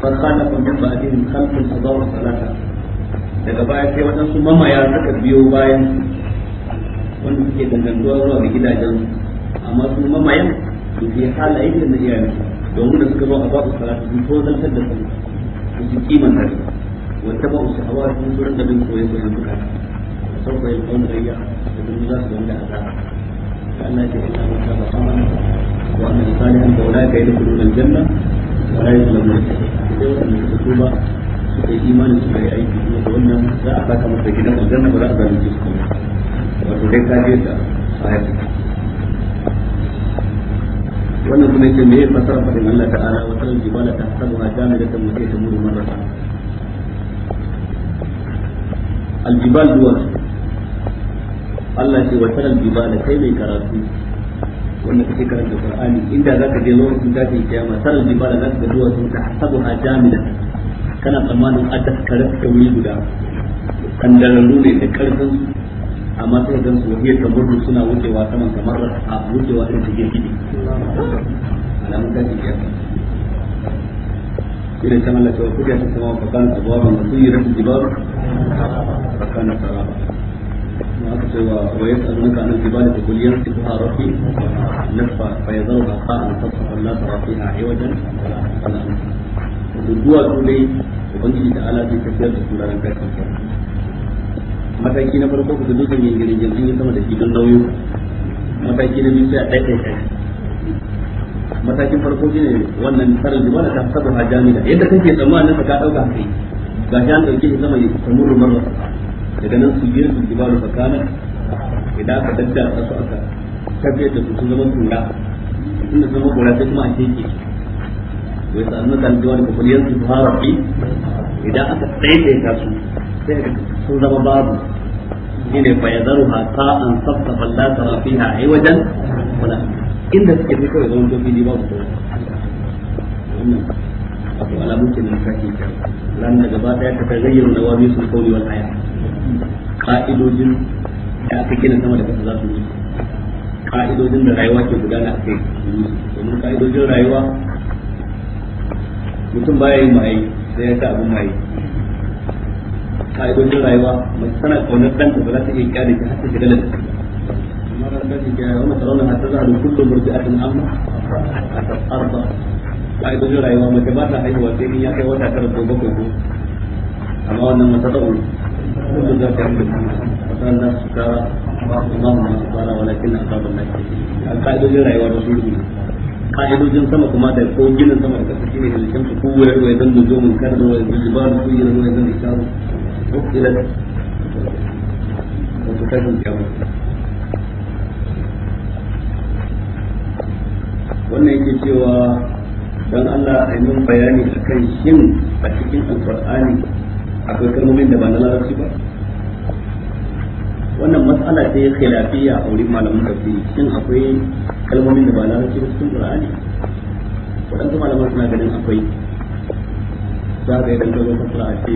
fa kana kun min ba'dihim khalqun adaw salata daga baya sai su mamaya suka biyo bayan wanda suke dangantuwa zuwa ga gidajensu amma su mamayan su ke halayen da iyayen domin da suka zo a babu salatu sun tozantar da sallah an ji kiman nasu wata ba usu hawa sun suran da bin koyon koyon bukata sau koyon kawon rayya da bin za su wanda a zaɓa da Allah ce ina mata ba amana wa amma salihan da wala ka yi da kudin aljanna wa la yuzlamu sai wanda suka tuba su kai imanin su kai aiki kuma da wannan za a saka masa gidan aljanna ba za a zalunce su kuma wato dai ka je da sahaya wannan kuma yake me fasara fadin Allah ta'ala wa tal jibala ta jamidatan ta muru tamuru al jibal duwa Allah ce wa tal jibala kai mai karatu wanda kake karanta Qur'ani inda zaka je zuwa kun tafi kiyama tal jibala zaka ga duwa sun tahsabuha jami'a kana tsammanin adda karatu wuri guda kandaran ne da karfin amma sai gan su wahiyar tamarru suna wucewa saman kamar a wucewa irin ta girgidi alamun ta ce ya إذا كما لا توفيق في السماء nan jibar da الجبال فكانت سرابا ويسألونك عن الجبال fa ينسفها ربي نسفا فيذرها قاء تصفا لا ترى فيها عوجا ولا da Duwa dai Ubangiji da Ala zai tafiyar da su ranar mataki na farko ku dutsen gingirin jirgin sama da shi don nauyin mataki na biyu sai a ɗaiɗai ɗaya matakin farko shine wannan tsarin jibala ta sabu a jami'a yadda kake tsammanin ka ɗauka kai ga shi an ɗauke shi sama ya samu rumar wasa daga nan su biyar su jibalu tsakanin idan aka a su aka tafiyar da su sun zama tura sun da zama kura sai kuma a keke wai sa'an na kan jiwa da kafin yanzu su harafi idan aka tsaye da ya sai sun zama babu shine fa yadharuha ta'an sabta la tara fiha wajen? wala inda suke fito da zaman dobi babu ko wannan wato alamun kin da kake kan ran da gaba daya ta tagayyar da wani sun kauri wal aya ka'idojin da aka gina sama da kasa za su yi ka'idojin da rayuwa ke gudana a kai domin ka'idojin rayuwa mutum baya yin mai sai ya ta abin mai ka'idojin rayuwa mai kaunar za ta iya kyale ki har da kamar ya yawa mata a kullu murdi'atin amma arba ka'idojin rayuwa mace ba ta haihuwa amma wannan mata kullu za ta yi amma ma su da su ka'idojin sama kuma da ko sama da kasa shine halittar su ko mun su da أخذت وتكلم wannan yake cewa don Allah a yi bayani bayani akan shin a cikin alkur'ani akwai kalmomin da ba na larabci ba wannan matsala ta yi khilafiya a wurin malamin tafi shin akwai kalmomin da ba larabci ba cikin qur'ani waɗansu malaman suna ganin akwai za ga zo a ce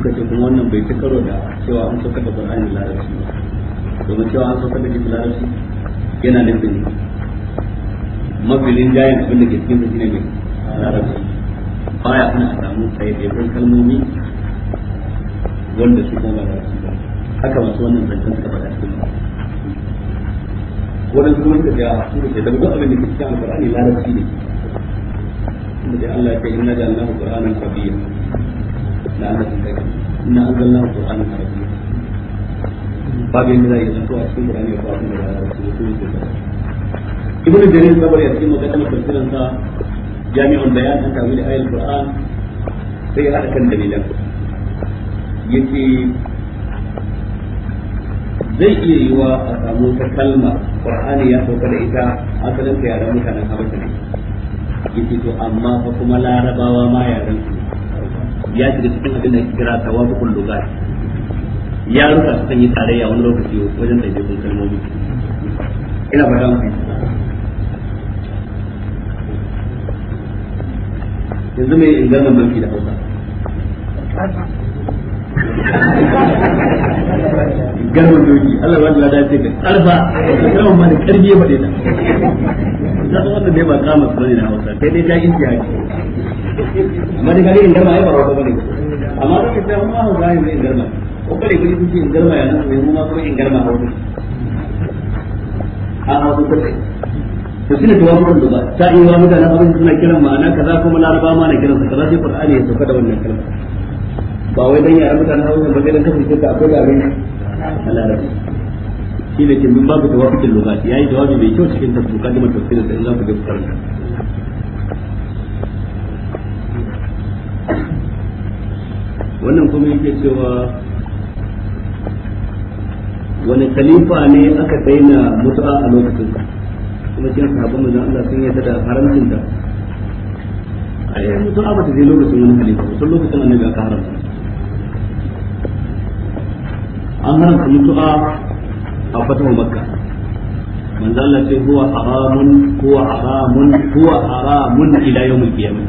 suka ce kuma wannan bai ta karo da cewa an saukar da Qur'ani larabci domin cewa an saukar da shi larabci yana nufin mabilin jayin abin da ke cikin su shine mai larabci baya kuma a da tsayayyen kalmomi wanda su kuma larabci ba haka wasu wannan zancen suka faɗa cikin wannan kuma wanda ga su da ke dabba abin da ke cikin Qur'ani larabci ne da Allah ya kai inna ja'alnahu qur'anan sabiyya لعلكم na إنا أنزلناه قرآنا عربيا babin da zai zanto a cikin Qur'ani ko abin da ko kuma da Ibn Jarir sabar ya cikin magana tafsirin sa jami'un bayan an tawil ayatul Qur'an sai ya hada kan dalilan yake zai iya yiwa a samu ta kalma Qur'ani ya sauka da ita asalin ta yaran mutanen Habasha ne yake to amma fa kuma Larabawa ma yaran su ya shiga cikin abin da ke kira tawafukul lugat ya ruka su yi tarayya wani lokaci wajen da ke kalmomi ina fata mu yanzu mai ingarman mulki da hausa garman doki Allah wajen lada ce ka karfa karfa ma da karfe ba faɗe ta na san wanda ne ba kama su bane na hausa kai dai ta inci haki amma da gari inda ma ya fara ko ne amma da ke cewa ma ne inda ma ko kare kuri kuke inda ma ya nan ne mu ma kuma inda ma hausa a hausa ko to shine to wannan duba ta yi wa mutane abin suna kiran ma'ana kaza kuma laraba ma na kiran sa kaza sai qur'ani ya sauka da wannan kalma ba wai dan yaran mutane hausa ba dan kasance ta akwai abin larabci shi ne kin babu tawafiqin lugati yayi jawabi mai kyau cikin tafsirin kalmar tafsirin da in za ku je ku karanta wannan kuma yake cewa wani khalifa ne aka daina mutu'a a lokacin kuma cikin sahabban manzon Allah sun yarda da haramcin da ai mutu'a ba ta je lokacin wani khalifa ba sun lokacin annabi aka haramta an haramta mutu'a a fatawa makka manzon Allah ce huwa haramun huwa haramun huwa haramun ila yawmil qiyamah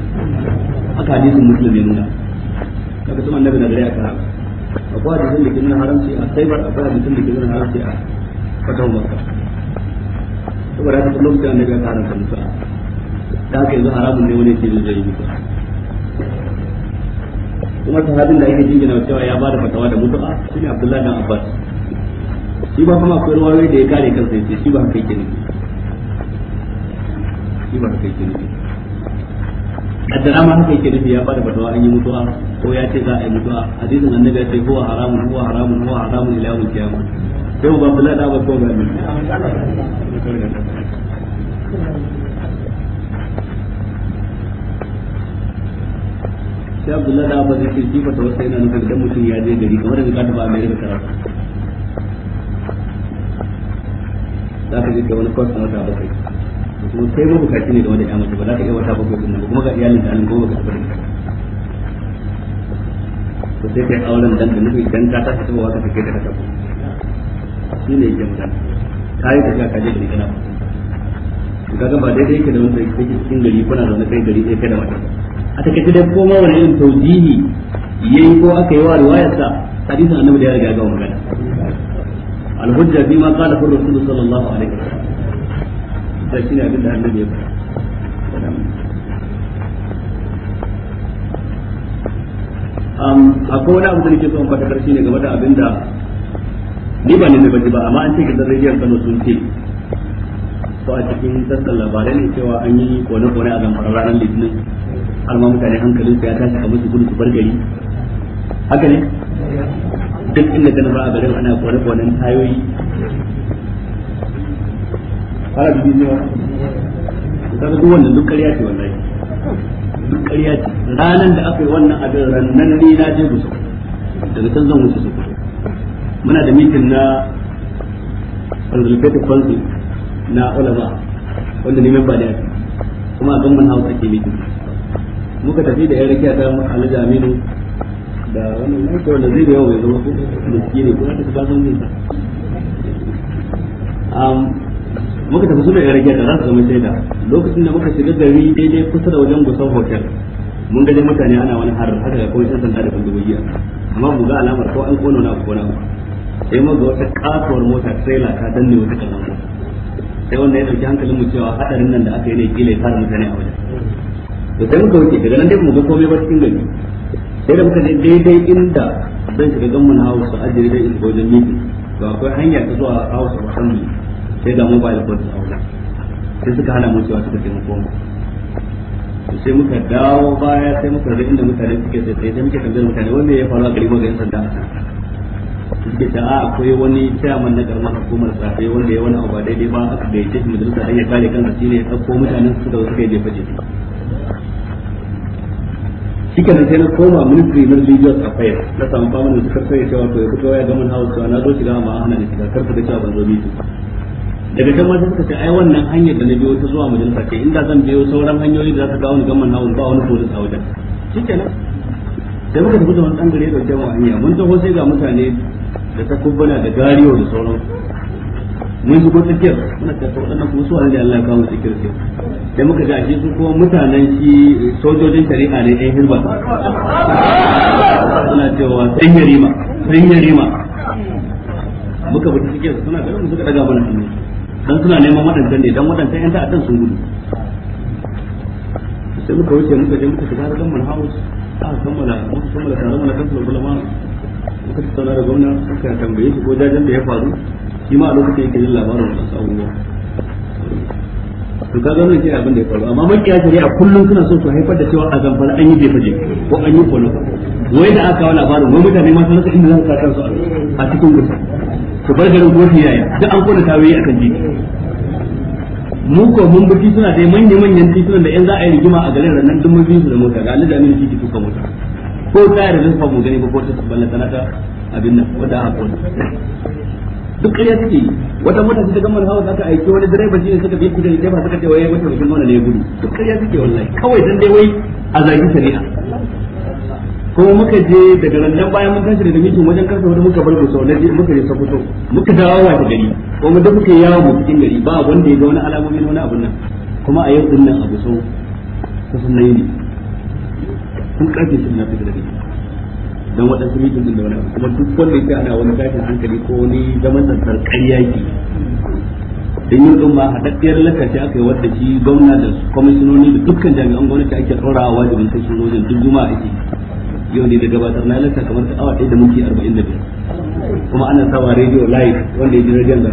aka hadisin muslim ya nuna kaga sun annabi na gare a kan akwai hadisin da ke nuna haramci a saibar akwai hadisin da ke nuna haramci a fatan makka saboda haka kullum sai annabi ya haramta musa da haka yanzu haramun ne wani ke zai yi musa kuma sahabin da ake jingina cewa ya ba da fatawa da mutu'a shine Abdullahi dan Abbas shi ba kuma akwai ruwayoyi da ya kare kansa ya ce shi ba haka yake ne shi ba haka yake ne kaddara ma haka yake nufi ya bada fatawa an yi mutuwa ko ya ce za a yi mutuwa hadisin annabi ya ce huwa haramun huwa haramun huwa haramun ila yawmil qiyamah sai ba bula da ba ko ba mu sai abdullahi da ba zai ce ba ta wasa yana nufin da mutum ya je gari kamar da ka taba mai da karatu za ka je ka wani kwas na wata bakwai to sai mu bukaci ne wanda ya yamace ba za ka iya wata bakwai din ba kuma ga iyalin da an goma ga abin to sai kai auren dan da nufi dan ta ta tafi wa ka take da kasa shi ne yake mutane kai da ka je da kana kaga ba dai yake da wanda yake cikin gari kuna zaune kai gari sai kai da mata a takaice dai koma wani irin taujihi yayi ko aka yi wa riwayarsa hadisin annabi da ya riga ga magana al-hujja bima qala rasul sallallahu alaihi wasallam da shi ne abin da annabi ya faɗa akwai wani abu da nake son fatakar shi ne game da abin da ni ba ne da ba amma an ce gidan rediyon kano sun ce ko a cikin sassan labarai ne cewa an yi kone-kone a zamfara ranar litinin har ma mutane hankalin su ya tashi a musu gudu su bar gari haka ne duk inda ganin ba a garin ana kone-konen tayoyi ana dubi ne ba duk ƙarya ce wallahi duk ƙarya ce da aka yi wannan abin rannan ne na je gusa daga can zan wuce su muna da mitin na consultative council na ulama wanda neman ba da kuma a gamban hausa ke mitin muka tafi da yan ta alhaji aminu da zai da yawa mai zama da ne kuma ta ba zan muka tafi suna da yare da za su zama shaida lokacin da muka shiga gari daidai kusa da wajen gusan hotel mun gani mutane ana wani harar haka ga kawai san sanda da bindigogi amma mu ga alamar ko an kona na kona na sai mu ga wata kasuwar mota trailer ta danne wata kana sai wanda ya dauki hankalin mu cewa hadarin nan da aka yi ne kila ya fara mutane a wajen to sai muka wuce daga nan dai mu ga komai ba cikin gari sai da muka je daidai inda zan shiga gamman hausa ajiye dai in wajen miki to akwai hanya ta zuwa hausa musamman sai ga mobile phones a wajen sai suka hana mutuwa suka ce mu koma sai muka dawo baya sai muka ga inda mutane suke sai sai muke tambayar mutane wanda ya faru a gari ga sanda a suke ta a akwai wani chairman na garma hukumar safe wanda ya wani abu ba daidai ba aka bai shi majalisa dan ya kare kansa shine ya dauko mutanen su da suka jefa jefa shike da sai na koma ministry na religious affairs na samu da suka sai cewa to ya fito ya gaman hausa na zo shiga amma ana ne shiga karfa da cewa ban zo miki daga can wajen suka ce ai wannan hanyar da na biyo ta zuwa majalisa ke inda zan biyo sauran hanyoyi da za ta kawo ni gamman nawon ba wani kodin a wajen shikenan sai muka tafi da wani bangare da wajen hanya mun taho sai ga mutane da ta kubbana da gariyo da sauran mun shigo tsakiyar muna ta waɗannan kuma suwa da Allah ya kawo tsakiyar sai sai muka ga shi su kuma mutanen shi sojojin shari'a ne ɗan hirba suna cewa san yarima san yarima muka bi tsakiyar suna ganin suka daga mana hannu dan suna neman waɗancan ne dan waɗancan yan ta'addan sun gudu sai muka wuce muka je muka shiga harkar manhaus a kammala muka kammala tare mana kan ulama muka tsara da gwamna suka tambaye shi ko dajin da ya faru shi ma a lokacin yake jin labarin wasu abubuwa to kaga wannan shine abin da ya faru amma makiya shari'a kullum suna so su haifar da cewa a zamfara an yi bai faje ko an yi kwano wai da aka kawo labarin wai mutane ma sun rasa inda za su sa kansu a cikin gusa ku bar garin kofi yaya duk an kona tawaye akan titi mu ko mun bi suna dai manyan manyan titunan da yan za a yi rigima a garin nan duk mun bi su da mota ga Allah da amin titi tuka mota ko ta da zan mu gani ba ko ta tabbala sanata abin nan wanda a kona duk ƙarya take wata mota ta gama hawa aka aiki wani direba shi ne suka bi kudin jefa suka ce wai mota bikin mana ne gudu duk ƙarya take wallahi kawai dan dai wai a zagi shari'a kuma muka je daga nan bayan mun tashi daga mijin wajen karfe wani muka bar sau na muka je sokoto muka dawo wa da gari kuma da muka yawo mu cikin gari ba wanda ya ga wani alamomi na wani abun nan kuma a yau din nan abu sau kusan yi ne sun karfe shi na fita da gari dan waɗansu mijin din da wani kuma duk wanda ya ana wani tashin hankali ko wani zaman tsantsar karya ke dan yin din ma haɗaɗɗiyar lakarci aka yi wadda shi gwamna da kwamishinoni da dukkan jami'an gwamnati ake tsorawa wajibin kai rojin duk juma'a ake yau ne da gabatar na lissa kamar ta awa ɗaya da muke arba'in da biyar kuma ana sawa rediyo live wanda ya ji rediyon da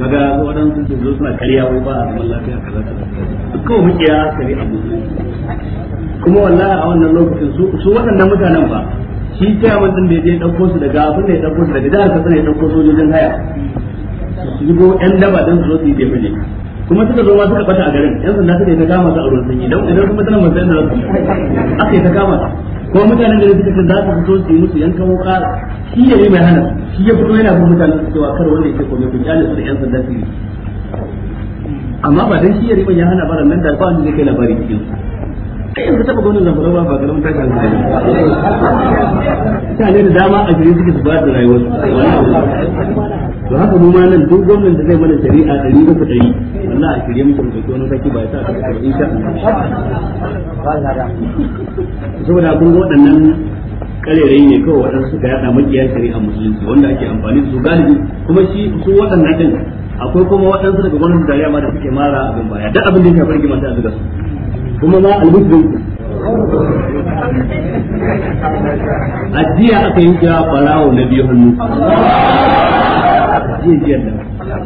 kaga waɗansu su zo suna karya wai ba a zaman lafiya kaza kaza kawai mukiya kare abu kuma wallahi a wannan lokacin su waɗannan mutanen ba shi kiyaman din da ya je ɗauko su daga abin da ya ɗauko su daga jihar katsina ya ɗauko sojojin haya su shigo 'yan daba don su zo su yi jefe jefe kuma suka zo ma suka bata a garin yan sanda suka yi ta kama su a ruwan sanyi don idan kuma tana manzan da za aka yi ta kama ko mutanen da suka za su fito su yi musu kawo kara shi ya yi mai hana shi ya fito yana bin mutanen su cewa kar wanda yake komai ku kyale su da yan sanda su yi amma ba dan shi ya riba ya hana ba nan da ba wanda zai kai labarin cikin su kai yanzu taba gonin zamfara ba ba tashi da dama a jiri suke su ba da rayuwar to haka mu ma nan duk gwamnan da zai mana shari'a ɗari uku ɗari wallahi a shirye musu da wani saki ba ya sa a cikin insha Allah saboda kun ga waɗannan karerai ne kawai waɗansu suka yada makiyar shari'a musulunci wanda ake amfani da su galibi kuma shi su waɗannan din akwai kuma waɗansu daga gwamnatin tarayya ma da suke mara abin baya duk abin da ya shafi rigima a zuga su kuma ma almuslim ajiya aka yi kira farawo na biyu hannu jiya jiya da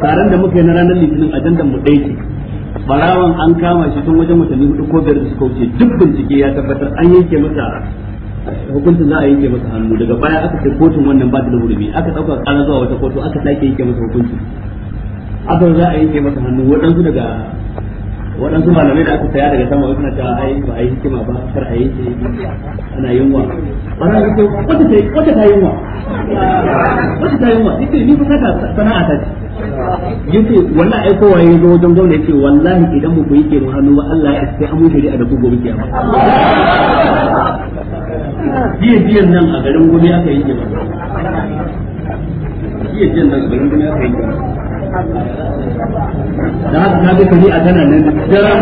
taron da muka yi na ranar litinin ajandar mu ɗaya ce farawon an kama shi tun wajen watanni hudu ko biyar da suka wuce duk bincike ya tabbatar an yanke masa hukuncin za a yanke masa hannu daga baya aka kai kotun wannan ba da hurumi aka ɗauka ƙara zuwa wata kotu aka sake yanke masa hukunci aka za a yanke masa hannu waɗansu daga waɗansu malamai da aka saya daga sama na cewa ai ba yi hikima ba kar a yi shi ana yunwa wannan yake wata ta wata ta yunwa wata ta yunwa yake ni fa kaka sana'a ta yace wallahi ai kowa zo wajen ya ce wallahi idan mu ku yi kenan hannu ba Allah ya sai amu shari'a da ku gobe ba jiya jiya nan a garin gobe aka yi kenan jiya jiya nan a garin gobe aka yi kenan da haka ka ga kuri a tana nan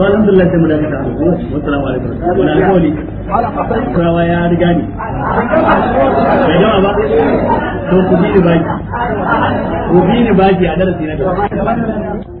to alhamdulillah sai mu da kada assalamu alaikum wala alkawli kowa ya riga ni bai gama ba to ku bi ni baki ku bi ni baki a darasi na gaba